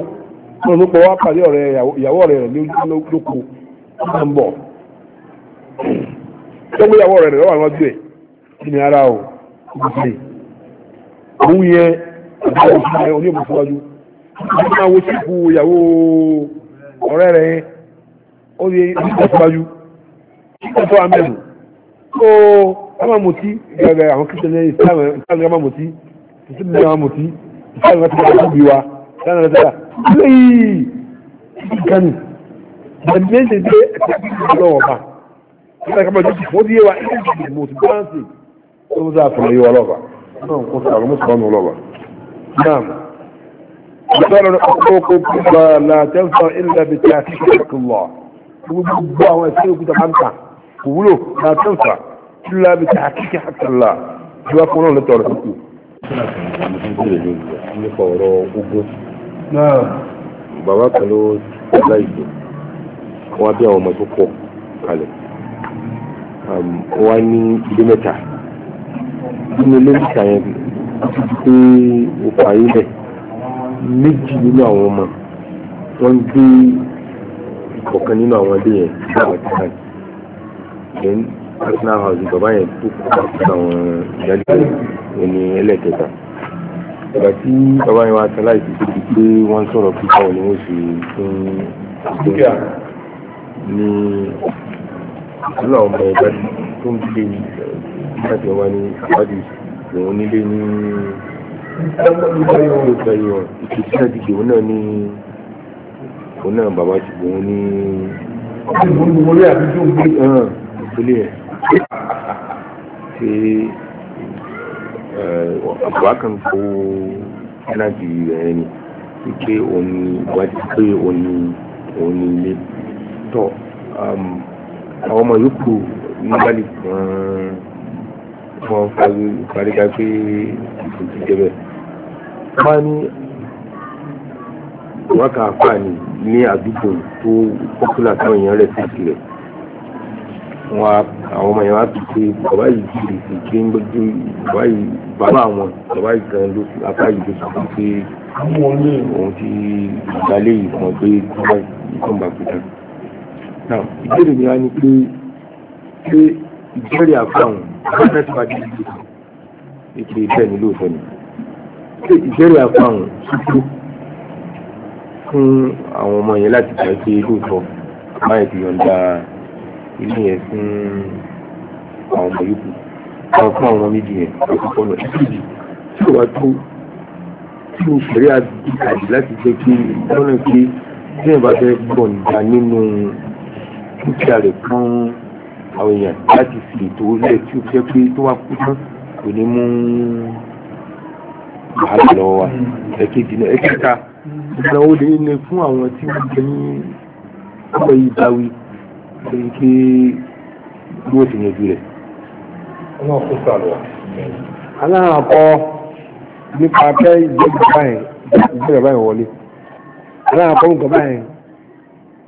wọn ló pọ̀ wá pàdé ọ̀rẹ́ ìyàwó ọ̀rẹ́ rẹ̀ lóko ọ̀nà ń bọ̀ tó gbé ọ̀rẹ́ rẹ̀ yẹn ó yẹ ìgbàsíwájú ìgbàsíwájú amẹ́nu ó ọmọ mọ̀tí gẹ̀gẹ̀ àwọn kìtìlẹ̀ ìsáàlẹ̀ ọmọ mọ̀tí ìsáàlẹ̀ ọmọ mọ̀tí ìsáàlẹ̀ ọmọ mọ̀tí ìbí wa ìsáàlẹ̀ ọmọ mọ̀tí léyìí gani ẹ̀mẹ́sẹ̀ dé lọ́wọ́ bá ìsáàlẹ̀ ọmọ mọ̀tí ó di wa ìsáàlẹ̀ ọmọ mọ̀tí báńsì tó ń sá fún ìwà lọ́ba náà kó sàrọ̀ mọ́ sọ̀rọ̀ lọ́ba náà ìsáàlẹ̀ ọkọ̀ kó kó gbogbo àwọn ẹ̀sẹ̀ òkúta máa ń tà kò wúlò máa tẹ̀ fà kí ló lábi tà kíkẹ́ àtàlà ju wá fún ọ̀lọ́tọ̀ rẹ̀ kù. nípa ọ̀rọ̀ ogun bàbá kan ló dá ìgbò wọn bí àwọn ọmọ tó pọ̀ kalẹ̀ wọn ní ilé mẹ́ta nínú ilé mẹ́ta yẹn pé òkú ayé bẹ̀ méjì nínú àwọn ọmọ wọn gbé ọ̀kan nínú àwọn ilé yẹn dáwọ̀ ti hàn then personal housing bàbá yẹn tó kọ́ àwọn ìyáálé yẹn ní ẹlẹ́kẹta ìgbà tí bàbá yẹn wá sẹ́láì sí ti pé wọ́n sọ̀rọ̀ pé báwo ni wọ́n ṣe fún ìgbéyà ní ìlú àwọn ọmọ ẹ̀dá tó ń gbé láti wá ní àwádìí òun nílé ní ìgbà yẹn wọ́n ìgbà yẹn ìgbésí àdìgbò náà ní òun náà bàbá ṣùgbọ́n òun ní. ọkùnrin ìbò ní wọlé àbí tó ń gbé. ṣe àbúrò kan kó ẹnàjì rẹ̀ ni wípé òun ni ìwádìí pé òun ni òun ni ilé tọ́ um, àwọn ọmọ yòókù nígbàdí gan-an wọ́n parí ká pé ìfòjì jẹ́ bẹ́ẹ̀. wọ́n á ní wọn kà á fà ní ní àdúgbò tó pọ́pùlà táwọn èèyàn rẹ̀ fèsì rẹ̀ wọn àwọn ọmọ yẹn wá ti pé bàbá yìí ti lè fi gbé gbójú bàbá yìí bàbá àwọn bàbá yìí gan ló apá yìí ló sọ pé òun ti ìgbàlẹ̀ yìí kan pé bàbá yìí kàn bá gbé dànù. náà ìbéèrè mi wá ni pé pé ìbéèrè àfàwọn bàbá ti bá dé ìlú kan ètò ìfẹ́ mi lóòótọ́ ni pé ìbéèrè àfàwọn tuntun fún àwọn ọmọ yẹn láti gbà pé lóòótọ́ máa ti yọ̀ǹda ilé yẹn fún àwọn ọmọ yòókù àwọn fún àwọn ọmọ méjì yẹn lókè fọ́nà ìkejì tí ó wá tó tí ó fẹ́rẹ́ àdìkàdì láti jẹ́ pé lọ́nà pé tí ẹ̀ bá fẹ́ bọ̀ nígbà nínú dúkìá rẹ̀ fún àwọn èèyàn láti fi ètò lẹ̀ tí ó fẹ́ pé tó wá kú tán kò ní mú wàhálà lọ́wọ́ wa ẹ̀kejì náà ẹ̀kẹta ìgbà wo lè ní fún àwọn tí wọ́n jẹ ní ọmọ yìí báwí lórí kí bí wọ́n ti yanjú rẹ̀. ọlọ́run kò sàlọ̀. aláàrán kọ nípa pé ìjẹ́gbẹ̀ báyìí wọlé aláàrán kọ nǹkan báyìí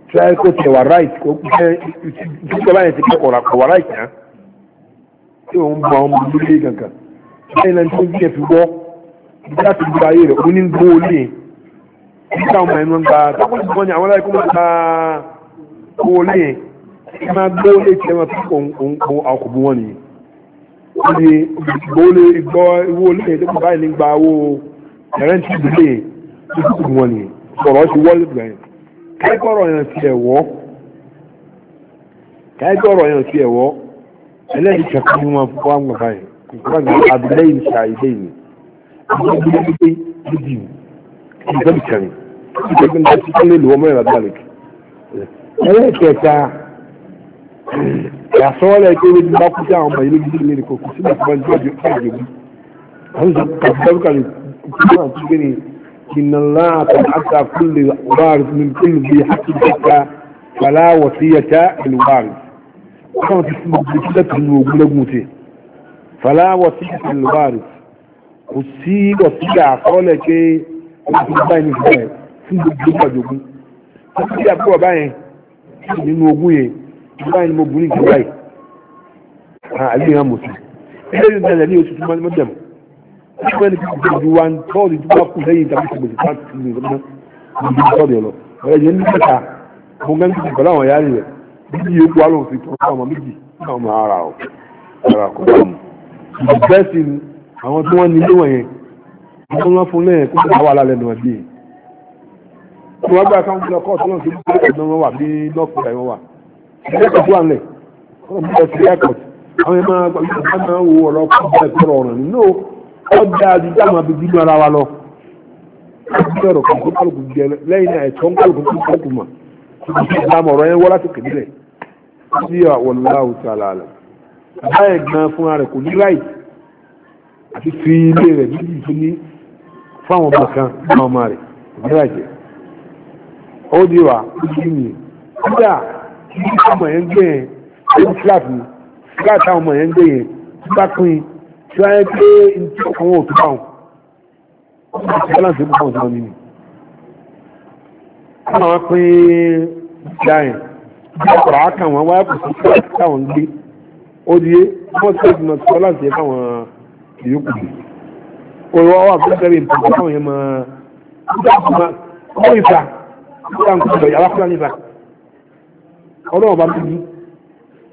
try kó tẹ wà right kó pẹ́ ìjọba báyìí ti kẹ́kọ̀ọ́ rà kọ̀ wà right yẹn tí òun bọ̀ àwọn ọmọ ìlú lé gangan báyìí náà tí ó ń gbìyànjú gbọ́ ìgbà tó gba ayé rẹ̀ ó ní gbówó lé nígbà ọmọ ẹnu gba tákùn ti bọ́nyà àwọn aláìkú máa gba owó lẹ́yìn kí máa gbé owó lẹ́yìn tí wọ́n fi òun àkọ́ bú wọn nìyẹn ó di gbowó lé gbọ́ owó lẹ́yìn tó kù báyìí ní gba owó ẹ̀rẹ́ntì ìdílé tó kù bú wọn nìyẹn sọ̀rọ̀ ti wọ́lé bẹ̀rẹ̀ káìkọ́rọ̀ yẹn ti ẹ̀wọ́ káìkọ́rọ̀ yẹn ti ẹ̀wọ́ ẹlẹ́yìn kẹfẹ́ ni wọ́n fọ́ àwọn ọ̀gá yẹn kò ní àbílẹ́yìn ṣàìdẹ́yìn àbílẹ́yìn níbi ìgbẹ́bìkẹrin ìgbẹ́gbẹ́ ní ti kọ́lé lò ọmọ ìrìnàjò àlèkè ẹlẹ́kẹta ìyàsọ́ọ́lẹ̀ tó lé bá kú sí àwọn ọmọ ìlú gidi lórí kòkó sí ìgbà tí wọ́n jẹ́ káàdì òbí àwọn ìṣe kàbíkàbí kàbí kúrò àti gbẹ̀rẹ̀ ìnàlá àtàkà kúlè wàrí ní kúlù bíi àtìgbẹ́ta fàlà wọ̀síyàtà ìlú wàrí káwọn ti fún gbogbo sílẹ̀ tó ní ogun lẹ́gùn tẹ̀ fàlà wọ̀síyàtà ìlú wàrí kò sí wọ̀síyà àkọọ́lẹ̀ fún gbogbo ah, ọ̀jọ̀gbọ́n wọ́n ti di àbúrò báyẹn nínú ogún yẹn báyìí ni mo bù ní ìgbà báyìí àlè yẹn mọ̀ sí ẹgbẹ́ yìí nílẹ̀ ní oṣù tó máa ń mọ́jẹ̀mú wọ́n fẹ́ẹ́ ní kí wọ́n ti wá ń tọ́ọ̀dì tó bá kù lẹ́yìn ìtàkùn ìgbèsè láti ní ìgbà tọ́ọ̀dì ọ̀lọ́ ọ̀rẹ́ yẹn ní kẹta mo gán kí pẹ̀lú àwọn ìyá rẹ̀ bíbí epo alọ́ fi kò wá gbà káwọn ìlú ọkọ ọtọlọ sí ilé ẹgbẹ́ wọn wà bí lọọkù rẹ wọn wà ilé ẹ̀kọ́ tó wà nílẹ̀ wọn bí ọtí ẹ̀kọ́ àwọn ẹmọ ọgbà máa wo ọ̀rọ̀ ọkọ bẹ́ẹ̀ tọrọ ọ̀rọ̀ nínú ọjà àdúgbò àwọn abibí inú ara wa lọ ọjọ́ ọ̀rọ̀ kan tó kálukú jẹ lẹ́yìn náà ẹ̀tọ́ ń kálukú tó kálukú mà ìsìlámù ọ̀rọ̀ yẹn wọ láti kéde sí wàlúwàhù tí a là lẹ báyìí gan fúnra rẹ̀ kò ní láì àti fi ilé rẹ̀ níbi ìfúnni fáwọn ọmọ kan fáwọn ọmọ rẹ̀ kò ní láì jẹ ó di wa ojú mi kódà kí ọmọ yẹn gbé yẹn ó di flat mi flat àwọn ọmọ yẹn gbé yẹn tó bá pín tí wọ́n yẹn pé ní ọkàn wọn ò tó bá wọn ó ti balance ó bá wọn sọ nínú. wọ́n máa pín ìjà yẹn bí ọkọ̀ àkàn wọn wáyà kò sí flat táwọn gbé ó di wọ́n ti ṣe ìdùnnà tó balance káwọn ìyókù gbé. òwò àwọn àgbẹ̀sẹ̀ rẹ̀ ń bí àwọn kò bẹ̀yà wákúrá nípa ọlọ́wọ́ bá bíbí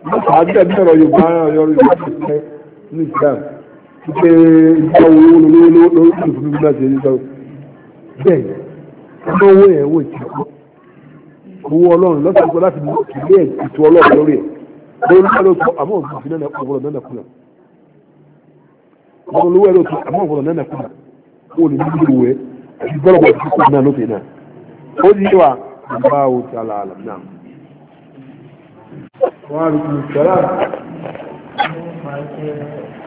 wọ́n fà á bíbẹ̀ bí ọ̀rọ̀ yorùbá ọ̀rọ̀ yorùbá ti fẹ́ ní islam wípé ìjọ owó lówó lórí fún bíbí láti ẹni sọ̀rọ̀ bẹ́ẹ̀ ọmọ owó yẹn owó ìtìkú owó ọlọ́run lọ́sọ̀tọ̀ láti ilé ètò ọlọ́run lórí ẹ̀ lórí lọ́sọ̀tọ̀ àmọ́ òfin fi náà ọ̀gbọ̀rọ̀ náà kúnà ọmọ olówó ẹ̀ lọ́sọ̀tọ̀ àmọ́ ọ̀gbọ̀rọ̀ náà kúnà ó lè ní ìlú wẹ̀ àti bọ́lọ̀ ó ní wà bá wò tí a làálà náà. wọ́n á rí i sọ́lá.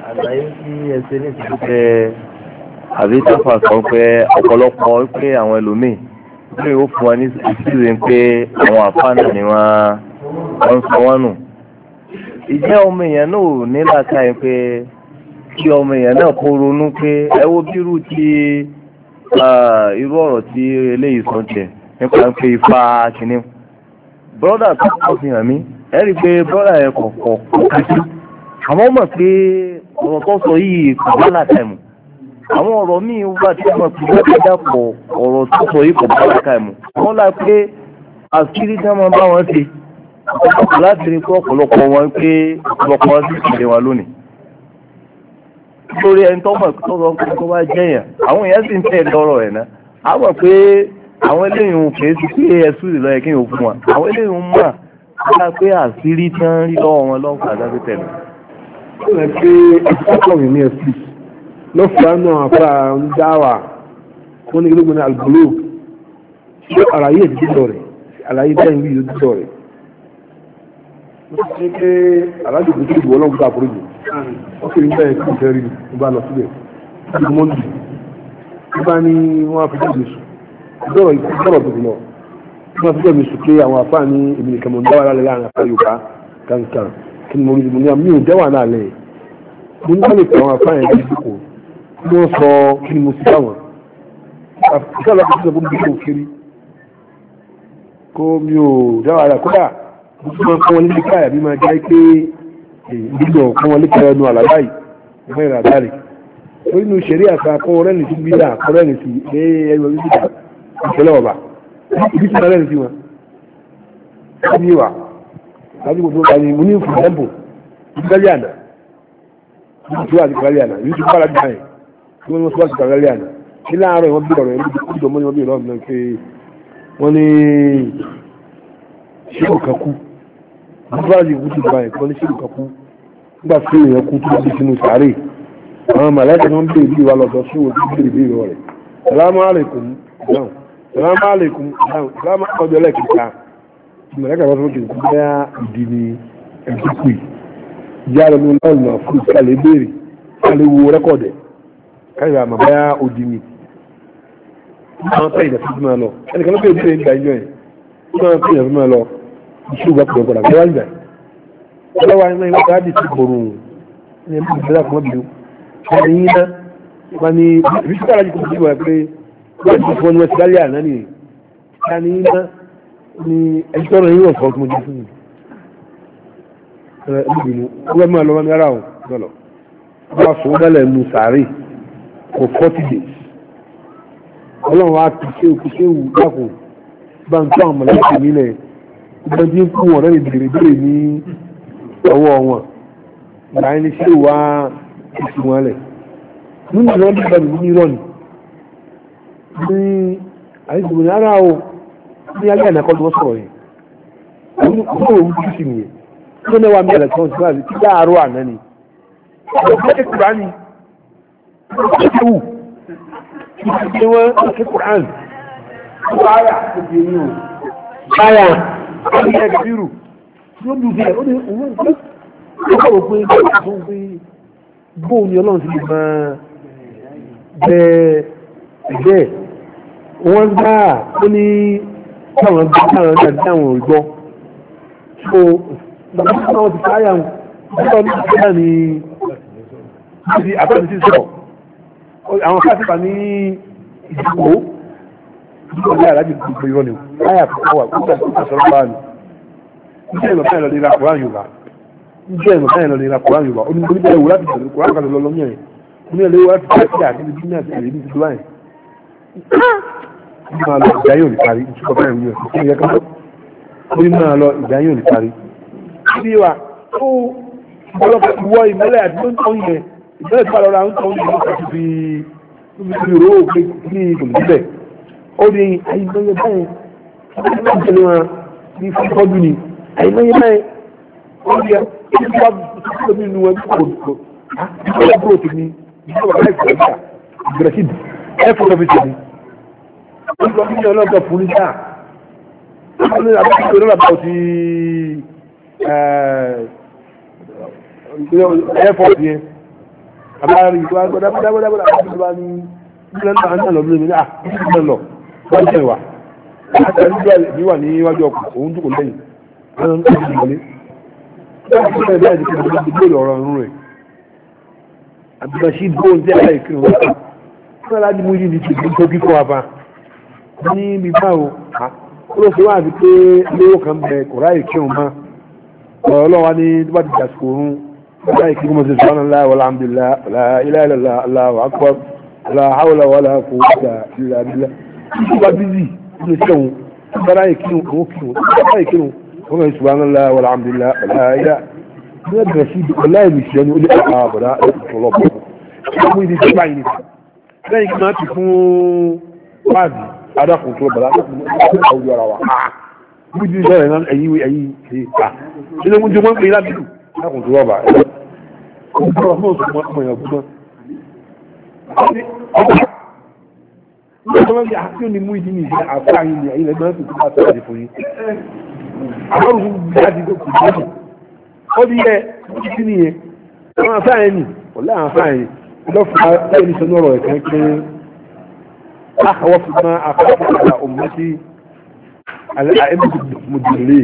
àgbáyé sí ẹsẹ̀ ní ìsìnkú pé àbí tọ́fà sọ pé ọ̀pọ̀lọpọ̀ pé àwọn ẹlòmíì lórí ó fún wa ní ìṣúre pé àwọn àfáànà ni wọ́n ń sọ wọ́n nù. ìjẹ́ ọmọ èèyàn náà ò ní làákàyè pé kí ọmọ èèyàn náà kó ronú pé ẹ wo bírú ti. Ah, irú ọ̀rọ̀ tí eléyìí sọ jẹ nípa pé ifá kìíní brọ́dà tó kọ́ fi hàn mí ẹ rí i pé brọ́dà yẹn kọ̀ kọ̀ kájú àwọn mọ̀ pé ọ̀rọ̀ tó sọ yìí kò bá láta ẹ̀mù àwọn ọ̀rọ̀ míì wà tí wọ́n ti bá dájá pọ̀ ọ̀rọ̀ tó sọ yìí kò bá láta ẹ̀mù wọ́n lá pé àṣírí tí wọ́n bá wọn ṣe láti rí pé ọ̀pọ̀lọpọ̀ wọn pé ọ̀pọ̀lọpọ̀ wọn sì ṣe wọn lónìí lórí ẹni tó mọ̀ tó sọ pé tó bá jẹ̀yàn àwọn èèyàn sì ń tẹ̀ lọ́rọ̀ ẹ̀ náà a mọ̀ pé àwọn eléyìí ń pè é sí pé ẹ̀sùn ìlọ yẹ kí n ò fún wa àwọn eléyìí ń mọ̀ nígbà pé àṣírí tán rí lọ́wọ́ wọn lọ́wọ́ padà sí tẹ̀lé. ó lè pe akọ̀wé ní ẹ̀sùn lọ́fàá náà àfà ń dá wà wọ́n ní gbogbo ní àlùbọ́lò ṣé àlàyé èdè dídọ̀ rẹ̀ àlàyé bẹ́ẹ̀ ń wí ìdó rẹ̀. ó ti ṣe pé ó kéré nígbà yẹn kí n fẹ́ rí ni mo bá lọ síbẹ̀ ní mọ́ndì mo bá ní wọ́n á fi jẹ́ mi sùn bọ́rọ̀ bọ́rọ̀ bìbì lọ wọ́n á fi jẹ́ mi sùn pé àwọn afá ní èmi nìkan mo ń dáwà lálẹ́ láàrin afá Yorùbá kankan kí ni mo rí mo ní àmì ìdáwà náà lẹ̀ mo ní wọ́n lè pè àwọn afá yẹn ní ìdíkò kí wọ́n sọ kí ni mo ti bá wọn àfikà lọ́kọ̀ sọ fún mi kò kéré kó mi ò dáwà rà kódà mo tún máa ń kọ́ wọn káyà bí máa jẹ́ pé ìdúgbò kan wọlé kẹrẹ ẹnu àlàbáyì ìfẹ́ ìràbárì ó nínú ṣeré àṣà akọ́rẹ́nì sí bídà akọ́rẹ́nì sí ẹ̀yọ bídà ìṣẹ̀lẹ̀ ọ̀bà ibi tí ọ̀rẹ́nì sí wọn. ó ní wà láti gbogbo ọ̀gá ni mo ní fún ẹ̀mpù ìgbàlẹ̀ àná yusuf àti ìgbàlẹ̀ àná yusuf bára bí báyìí tí wọ́n ní wọ́n sọ àti ìgbàlẹ̀ àná ní láàárọ̀ wọn bí ọ̀rọ̀ yẹn bí ìdòmọ́ ni wọ́n bí nígbàdí ìwúdí gba ẹ̀kọ́ ní sí ìkọ̀kú nígbà tí èèyàn kú tó bí sínú sàárè àwọn màláìka náà ń bèèrè bí ìwà lọ́dọ̀ sí òwò tó bèèrè bí ìwọ rẹ̀ salamu alaikum dáhùn salamu alaikum dáhùn salamu akọjọ lẹ́kìta màláìka bá tó kì í kú bẹ́ẹ̀ ìdí ni ẹ̀kú pè ìyá rẹ̀ ló náà nà fún ìkàlẹ̀ béèrè kàlẹ̀ wo rẹ́kọ̀dẹ̀ káyọ̀ àmà bẹ́ẹ̀ òdì ni wọ́n fẹ́ ìdàtí fún ìṣúgbà pẹ̀lú ọ̀gá wáyé ọlọ́wà ní ìwọ̀n káàdì ti gbòòrò ní ẹ̀mí ìgbẹ́lá fún ọ̀bí ọ̀rẹ́ yín ná wọ́n ní ìrísí kára jùlọ sí wọ́n pé wọ́n ti fọ́n wọn ti dálé àná ni ká ní yín ná ní ẹ̀jú tọ́rọ yín wọ̀n fọ́ tó mo jẹ́ fún mi. ọ̀rẹ́ ẹ̀mí ìbínú o lọ́lọ́ wọ́n sọ wọ́n bẹ́lẹ̀ nu sàárè kò forty days ọlọ́run á kì í ṣe òkú ṣe òwú dákùn bá ń tó àwọn mọ̀lẹ́kùn nílẹ̀ gbọ́dí fún wọn lẹ́yìn bèrèbèrè ní ọwọ́ wọn láì ní ṣé wá ìsìn wọn lẹ̀ nínú ìran bí ìbàdàn ní irọ́ ni ní àìsàn ní ara o ní alẹ́ àná kọ́ni wọ́n sọ̀rọ̀ yẹn àwọn òkúrò òun ti sì nìyẹn tí wọ́n náà wà mí ẹ̀rẹ̀ kan sí láti tí láàárọ̀ àná ni ọ̀pọ̀ ẹ̀kúrà ni ọ̀pọ̀ ẹ̀wù ìgbà tí wọ́n ẹ̀kúrà ni ọ̀pọ̀ ara kò dé ní o wọ́n yẹ gàbírù tí ó lù bí ẹ̀ ó ní òun ń pẹ́ ó kọ̀ pé ó ń pé bóun ni ọlọ́run ti lè máa bẹ ẹgbẹ́ wọ́n gbà ó ní táwọn gbà táwọn gbà táwọn ò gbọ́ so bàbá náà ti káyà ń bọ́ ní ìgbà ní àbẹ̀tí sọ̀rọ̀ àwọn káṣípà ní ìdìbò ọjọ́ aláàjì gbogbo irọ́ ni láyà àkọ́kọ́ wà gbogbo àkókò sọ̀rọ̀ bá ní ìjẹ́ ìmọ̀ bẹ́ẹ̀ lọ lè ra kùrán yorùbá ìjẹ́ ìmọ̀ bẹ́ẹ̀ lọ lè ra kùrán yorùbá ó ní orí bẹ́ẹ̀ wò láti bẹ̀rẹ̀ kùrán kan lọ lọ yẹn ní ẹ̀lẹ́ láti bẹ̀rẹ̀ àti ibi àti ìrìn ní ìtura yẹn. ó máa lọ ìgbà yóò lè ó máa lọ ó ọlọ́pàá ìwọ ìmọ́lẹ̀ àti tó ń tọ́ yẹn ìmọ́lẹ̀ tó bá lọ́ra ń tọ́ yẹn ló fi fi ó di àyìnbáyé báyẹn ọdún ìjẹni wọn ní fọ́tọ́dún ni àyìnbáyé báyẹn ó di ìjọba fọ́tọ́dún nínú wọn kò kò ìjọba búrò tì ní ìjọba bàbá ìgbàlódà ìgbàlódà ẹ̀fọ́ lọ́fi tì ní. wọ́n lọ sí ọlọ́dọ̀ fún ní sáà wọ́n ní abẹ́ ìgbàlódà lọ́la bá ti ẹ̀fọ́ tì yẹn àbá rí ìgbàlódà dábàdábàdà àbá ti lọ́ba ní ìgbàlódà náà lọ́ọ́ wọ́n jẹ́ ìwà àtàrí bí ẹ̀mí wà ní iwájú ọkọ̀ òun dùkọ̀ lẹ́yìn lọ́nà tó ti wọlé láti bẹ́ẹ̀ bẹ́ẹ̀ ti kìlọ̀ ti gbé ọ̀rọ̀ ọ̀run rẹ̀ àbíbáṣí gbóhùn tí ẹ̀ka ìkírun wọn náà láti mú yìí ní ti tó kíkọ́ afa ní ibi báwo ó ló fi wá àbí pé lówó kan bẹ kò ráyè kírun mọ́ ọ̀rọ̀ ọlọ́wà ní tó bá ti dàsìkò òun láì kí mo ti sọ ọ́nà láì wọlé alhamdulilayi kíkú bá bízì ní iṣẹ́ òun bára ìkírun òun kírun bára ìkírun wọ́n kàn ṣùgbọ́n ńlá wàlá àmìlá ọ̀láyà ní ẹ̀bẹ̀rẹ̀ sí ọláyà mi ṣẹ́ ní ó ní àbọ̀dá ìtọ̀lọ́pọ̀ ọmọ ìdí tí báyìí nìkan lẹ́yìn kí máa ti fún wáàdì adákùn tó bàlá àwùjọ ara wa bí ti sọ̀rọ̀ náà ẹ̀yìn ẹ̀yìn ṣe ta ilé mú jọmọ́ pé ládùúgbò adákùn tó bàbá ọ̀rọ̀ ọlọ́run yà tí ó ní mú ìdí ní ìdí àbúrò ni ilẹ̀ náà tuntun bá tẹ̀lé fún yín àbọ̀rù fún bí láti kò kù dé ó di yẹ títí nìyẹn àwọn afáàyàn ni ọ̀lẹ́ àwọn afáàyàn lọ́fà táyé nìṣẹ́ lọ́rọ̀ ẹ̀ kan pé láàwọ̀ fún máa afáàfà àgbà òmùmọ́sí àìmọ̀ mùdìlẹ̀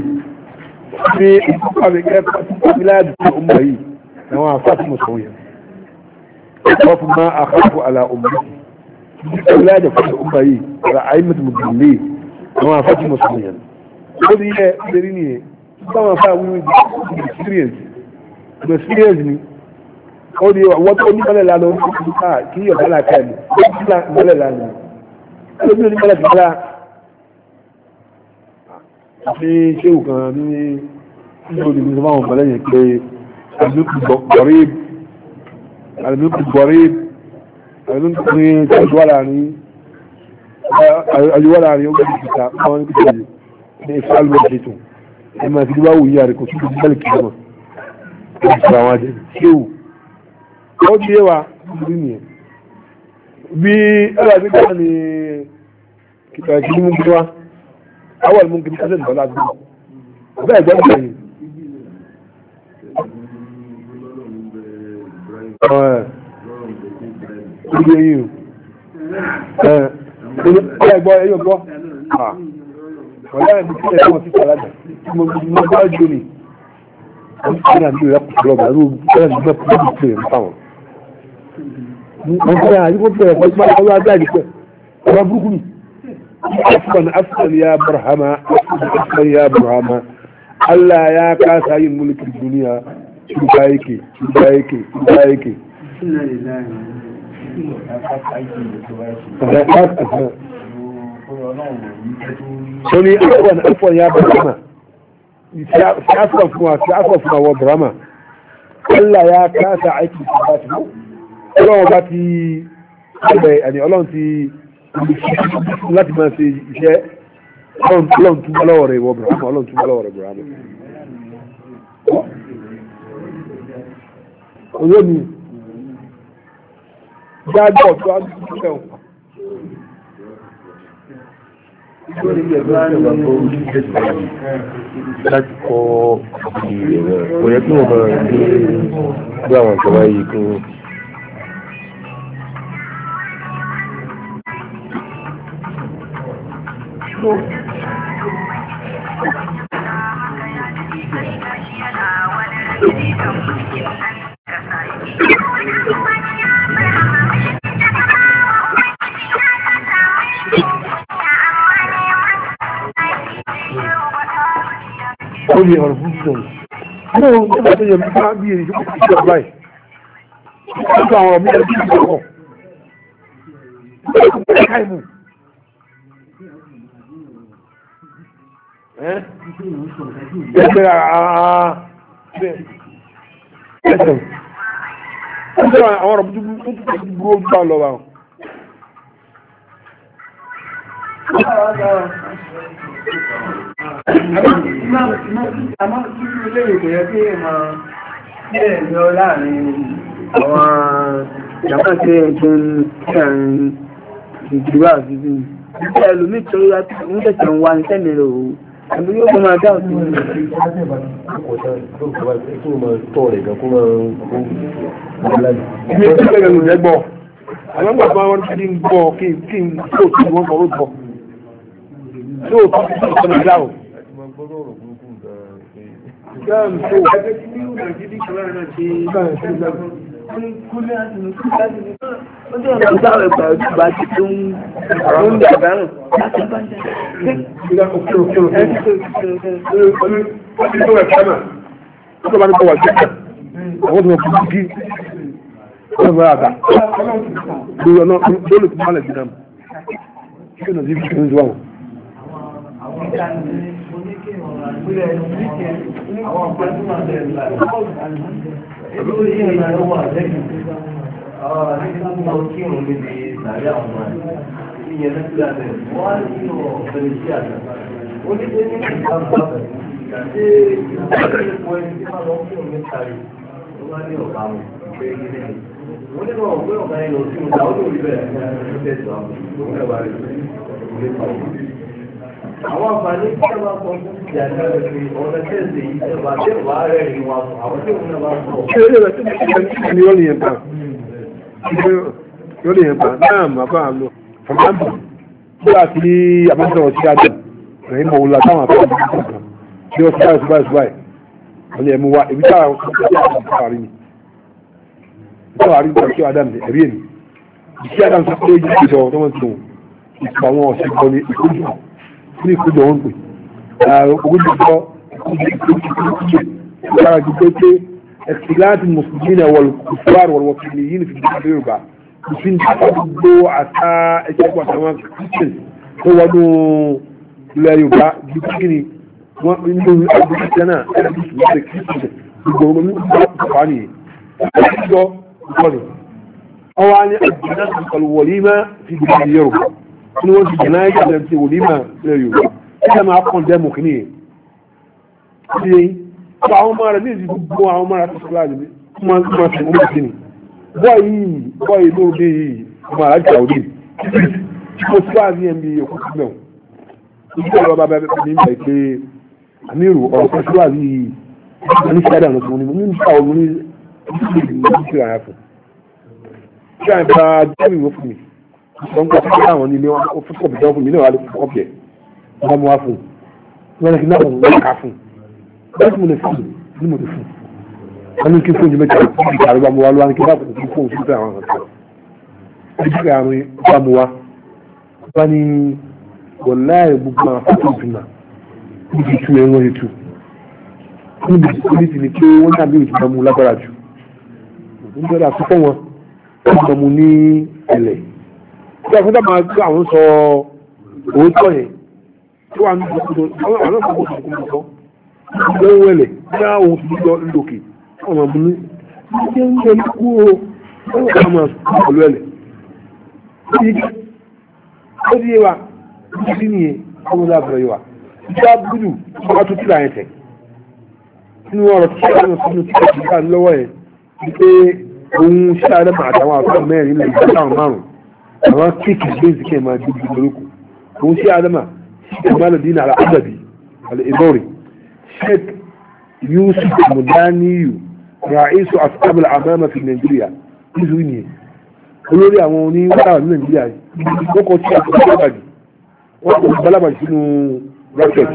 ìfúnpá mi kẹ́ pàtàkì duk kula da kuma umma yi ra'ayin mutum ne amma fati musulmiyan ko da yake dari ne kama fa wani experience da experience ne ko da yawa wato ni bala lalo ni ka ya bala kai ne bala bala lalo ko ni bala bala ni shehu kan ni ko ni zaman bala ne ke al-mulk al-gharib àyẹ̀lóńtòkùnrin tó àjọwà láàrin àjọwà láàrin ó gbọ́dọ̀ kìtà àwọn ní kìtà yìí ní ìfẹ́ alùpùpù tó ẹ máa fi dúbà wòye àrẹ kò tún lè bẹ́ẹ̀ kìtà mọ́ ó ti àwọn àjẹ ṣéwù ó ti yé wa bí nìyẹn bí aláàbí kan ní kìtà ìkíní mú kí wá àwọn ìmú kìtà sẹ́ni bọ́lá àdúgbò bẹ́ẹ̀ gbọ́dọ̀ kẹ́yìn orí eyín o ẹ gbọ́ ẹ yóò gbọ́ ah. ọ̀la ẹ̀mí tí ẹ̀kọ́ sí sàlájà tí mo gbọ́ bá jò ní wọ́n ti ní àdúrà kùtùrọ̀ bá rú ẹ̀rọ ìgbà kúrò ní pé ń fáwọn. wọ́n ti ní àdúgbò bẹ̀rẹ̀ pẹ̀lú máa kọ́ lọ́wọ́ àdáyé pẹ̀ ọ̀rọ̀ burúkú ni. afwan afwan ya barhama afwan afwan ya barhama Allah ya kasa yin mulkin duniya shi ba yake shi ba yake shi ba yake sani afwan afwan ya bar drama siyasar kuma siyasar kuma wa drama Allah ya kasa aiki ta ba su ọlọ́run bá ti ẹgbẹ̀ ẹni ọlọ́run ti láti máa ṣe iṣẹ́ ọlọ́run tún bá lọ́wọ́ rẹ̀ ìwọ burama ọlọ́run tún bá lọ́wọ́ rẹ̀ burama jágbọ̀ tó á dùn fẹ́ o. láti kọ́ ìrìn rẹ̀ kò yẹ kí wọ́n máa gbé bí àwọn ìjọba yìí kí Thank you. ó ọ̀rọ̀ fún sọ̀rọ̀ ní òun tó bá tó yẹ bá bí èrè tó kù sí ọ̀bá yìí ó tó àwọn ọ̀bí ẹbí ìgbọ̀kọ̀ ó tó pẹ́ káìmù ẹgbẹ́ ẹsẹ̀ àwọn ọ̀rọ̀ búburú tó tó burú ó gbà lọ́wọ́ àwọn. Àmọ́ kí ilé ìgbẹ̀yẹ kí èèmọ̀ ilé ìlú láàrin àwọn ìjàmọ́ sí ẹgbẹ́ kẹrin ìjìwà àfihàn. Ìjẹ́ ẹlòmí tó yá tí ó ń tẹ̀sẹ̀ ń wá ní sẹ́mi rẹ̀ òun. Àbí yóò máa dá òtún ní ìlú. Ìgbẹ́ tó o fi sọ ọ̀nà ìlà o. Ìgbàlẹ̀ ìgbà tí tó ń àwọn ìgbà náà láti bá jẹ́. Ìgbàlẹ̀ òkè òkè òkè. Ìgbàlẹ̀ ìgbà náà ọjọ́ bá ní kọ́ wà jẹ́ àwọn tó kù kí ọjọ́ bá àgbà lórí ọ̀nà lórí ìpínlẹ̀ jìnnà kí ọ̀nà sí fi ṣe ń zuwọ̀n níta ọ̀rọ̀ àgbélẹ̀ oníkè àwọn àpẹẹrẹ yìí ni ó wà lẹ́yìn. Ọ̀rọ̀ àti ìgbà sí àgbà. Ó ní pé nínú ìgbà gbà ṣé ìpò ẹni wá ní ọ̀gá mi pé ilé mi. Wọ́n ní báwọn pé ọ̀gá yẹn lọ sí ọ̀gá ó lórí bẹ̀rẹ̀ ní ẹgbẹ́ ìgbà tó ń bẹ̀rẹ̀ wá rẹ̀ lórí ìpàdé àwọn àǹfààní tí a máa sọ fún ìjà náà rẹ̀ ọ̀nà tẹ̀sí ìjọba tí ìwà rẹ̀ ni wà fún àwọn tí òun náà máa sọ. ṣé ilé rẹ̀ tí mo ṣe ní ọ̀nìyàn bá ọ̀nìyàn bá náà máa bá a lọ fọ̀nàbù bí a ti ní abẹ́sọ̀rọ̀ sí adùn rẹ̀ mọ̀ wọlé àtàwọn àfọwọ́ bí wọ́n kàn bí wọ́n sùbáì sùbáì sùbáì wọ́n lè mú wa èmi táwọn ọkọ̀ tó ń parí ni ìtọ́ àrí ìgbà tí adam ẹ̀rí èmi ìṣẹ́ adam sọ pé ìjì ìṣọ̀ tó wọ́n ti sùn ìtọ́ àwọn ọ̀sẹ̀ gbọ́ ní ìkójú ní ìkójọ wọn pè ogójúkọ ìgbára ju pé pé ẹ̀sìn láti mùsùlùmí náà wọ̀lù kùfúrà wọ̀lù wọ̀kìlì yìí ní fi dùn àbẹ̀rù bá òfin nípa gbogbo àtà ẹ̀ṣẹ̀ pọ̀ àtàwọn christian tó wọnú ilẹ̀ Yorùbá ju kí ni wọ́n nínú àgbẹ̀ christian náà ẹ̀rọ mùsùlùmí tí wọ́n ti jẹ̀ náà yàtọ̀ ti wò nímà lè yò ẹ̀ka máa kàn dẹ́mù kìíní yẹn. ṣe fún àwọn ọmọ rẹ̀ ní ìdí gbogbo àwọn ọmọ rẹ̀ tó sọ́lá àdìmí kí wọ́n máa fi wọ́n sí ni. bọ́ọ̀ yìí bọ́ọ̀ yìí ló dé yìí ọmọ alájà òde mo ti wá ní ẹ̀mí òkú sílẹ̀ o. ìdí ọ̀rọ̀ bàbá mi ń bẹ̀ pé àmírù ọ̀rọ̀ kan sí wà ní oníṣẹ́dá ló fún mi mo ní nípa wọn kọ fún àwọn nílé wọn kọ fún kọpì dánwó fún mi náà wà lè fún kọpì ẹ wọn mú wa fún wọn kì í náà wọn kà fún bẹ́ẹ̀ mo lè fún mi mo lè fún wọn ní kí fóònù mẹ́ta fún ìta àrùbá mu wa lọ wọn kí bá kò fún fóònù fún àwọn kan ojú kà àrùn bá mu wa wọn ní wọláyé gbogbo àwọn afọ ìdùnnà níbi ìtú ẹ wọn ètò níbi ìtúlítì ni pé wọn náà bí ìtúmọ̀ mu lágbára jù nígbà tó fẹ́ wọn wọn mọ̀ mu ní ẹlẹ́yìn tí a fún dábàá gbé àwọn sọ òótọ́ yẹn tí wàá nù kókó àwọn àwọn náà kókó kókó kókó ló ń wẹlẹ̀ bí a òun ti lọ lòkè ọmọ ń wẹlẹ̀ kú o wọ́n wà máa sọ pẹ̀lú ẹ̀lẹ̀ ó di wa ìdí nìyẹn ọmọ náà bẹ̀rẹ̀ wa ìdí abúlù ọmọ tó tìlà yẹn tẹ̀ nínú ọ̀rọ̀ tí wọ́n lọ sínú tí wọ́n ti gbà lọ́wọ́ yẹn wípé òun ṣáà amma cikin bin suke ma dubu buruku kun shi alama shi maladin al'adabi al'ibori sheikh yusuf mudaniyu ra'isu asab al'amama fi nigeria izu ne olórí àwọn oní wàhálà ní nàìjíríà wọ́n kọ́ tí a kò balabàjì wọ́n kò balabàjì sínú rocket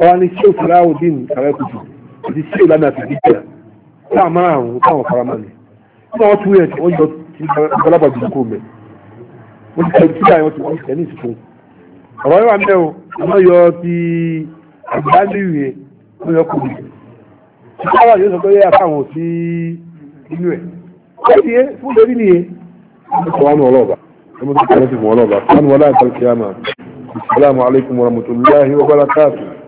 wọ́n ní sheikh salahuddin arẹ́kùtù àti sheikh lana àti nigeria táwọn márùn-ún táwọn faramani wọ́n tún yẹ kí wọ́n jọ balabàjì kúrò mẹ́rin wọ́n ti tẹ̀lé sílẹ̀ àwọn tí wọ́n ti tẹ̀lé ìsìnkú ọ̀rọ̀ yóò wà ń bẹ̀ o wọ́n yọ ti àgbáńdìrì yẹn wọ́n yọ kùnú ìsáwà yóò sọ pé yẹ apá àwọn sí inú ẹ̀ wọ́n ti yẹ fún lórí nìyẹn. sọ́wọ́n ọlọ́ọ̀bà ọmọdé kọ́lá ti fún ọlọ́ọ̀bà sọ́wọ́n wọlé àtàkì àmà Assalamu alaikum warahmatullahi wabarakatuh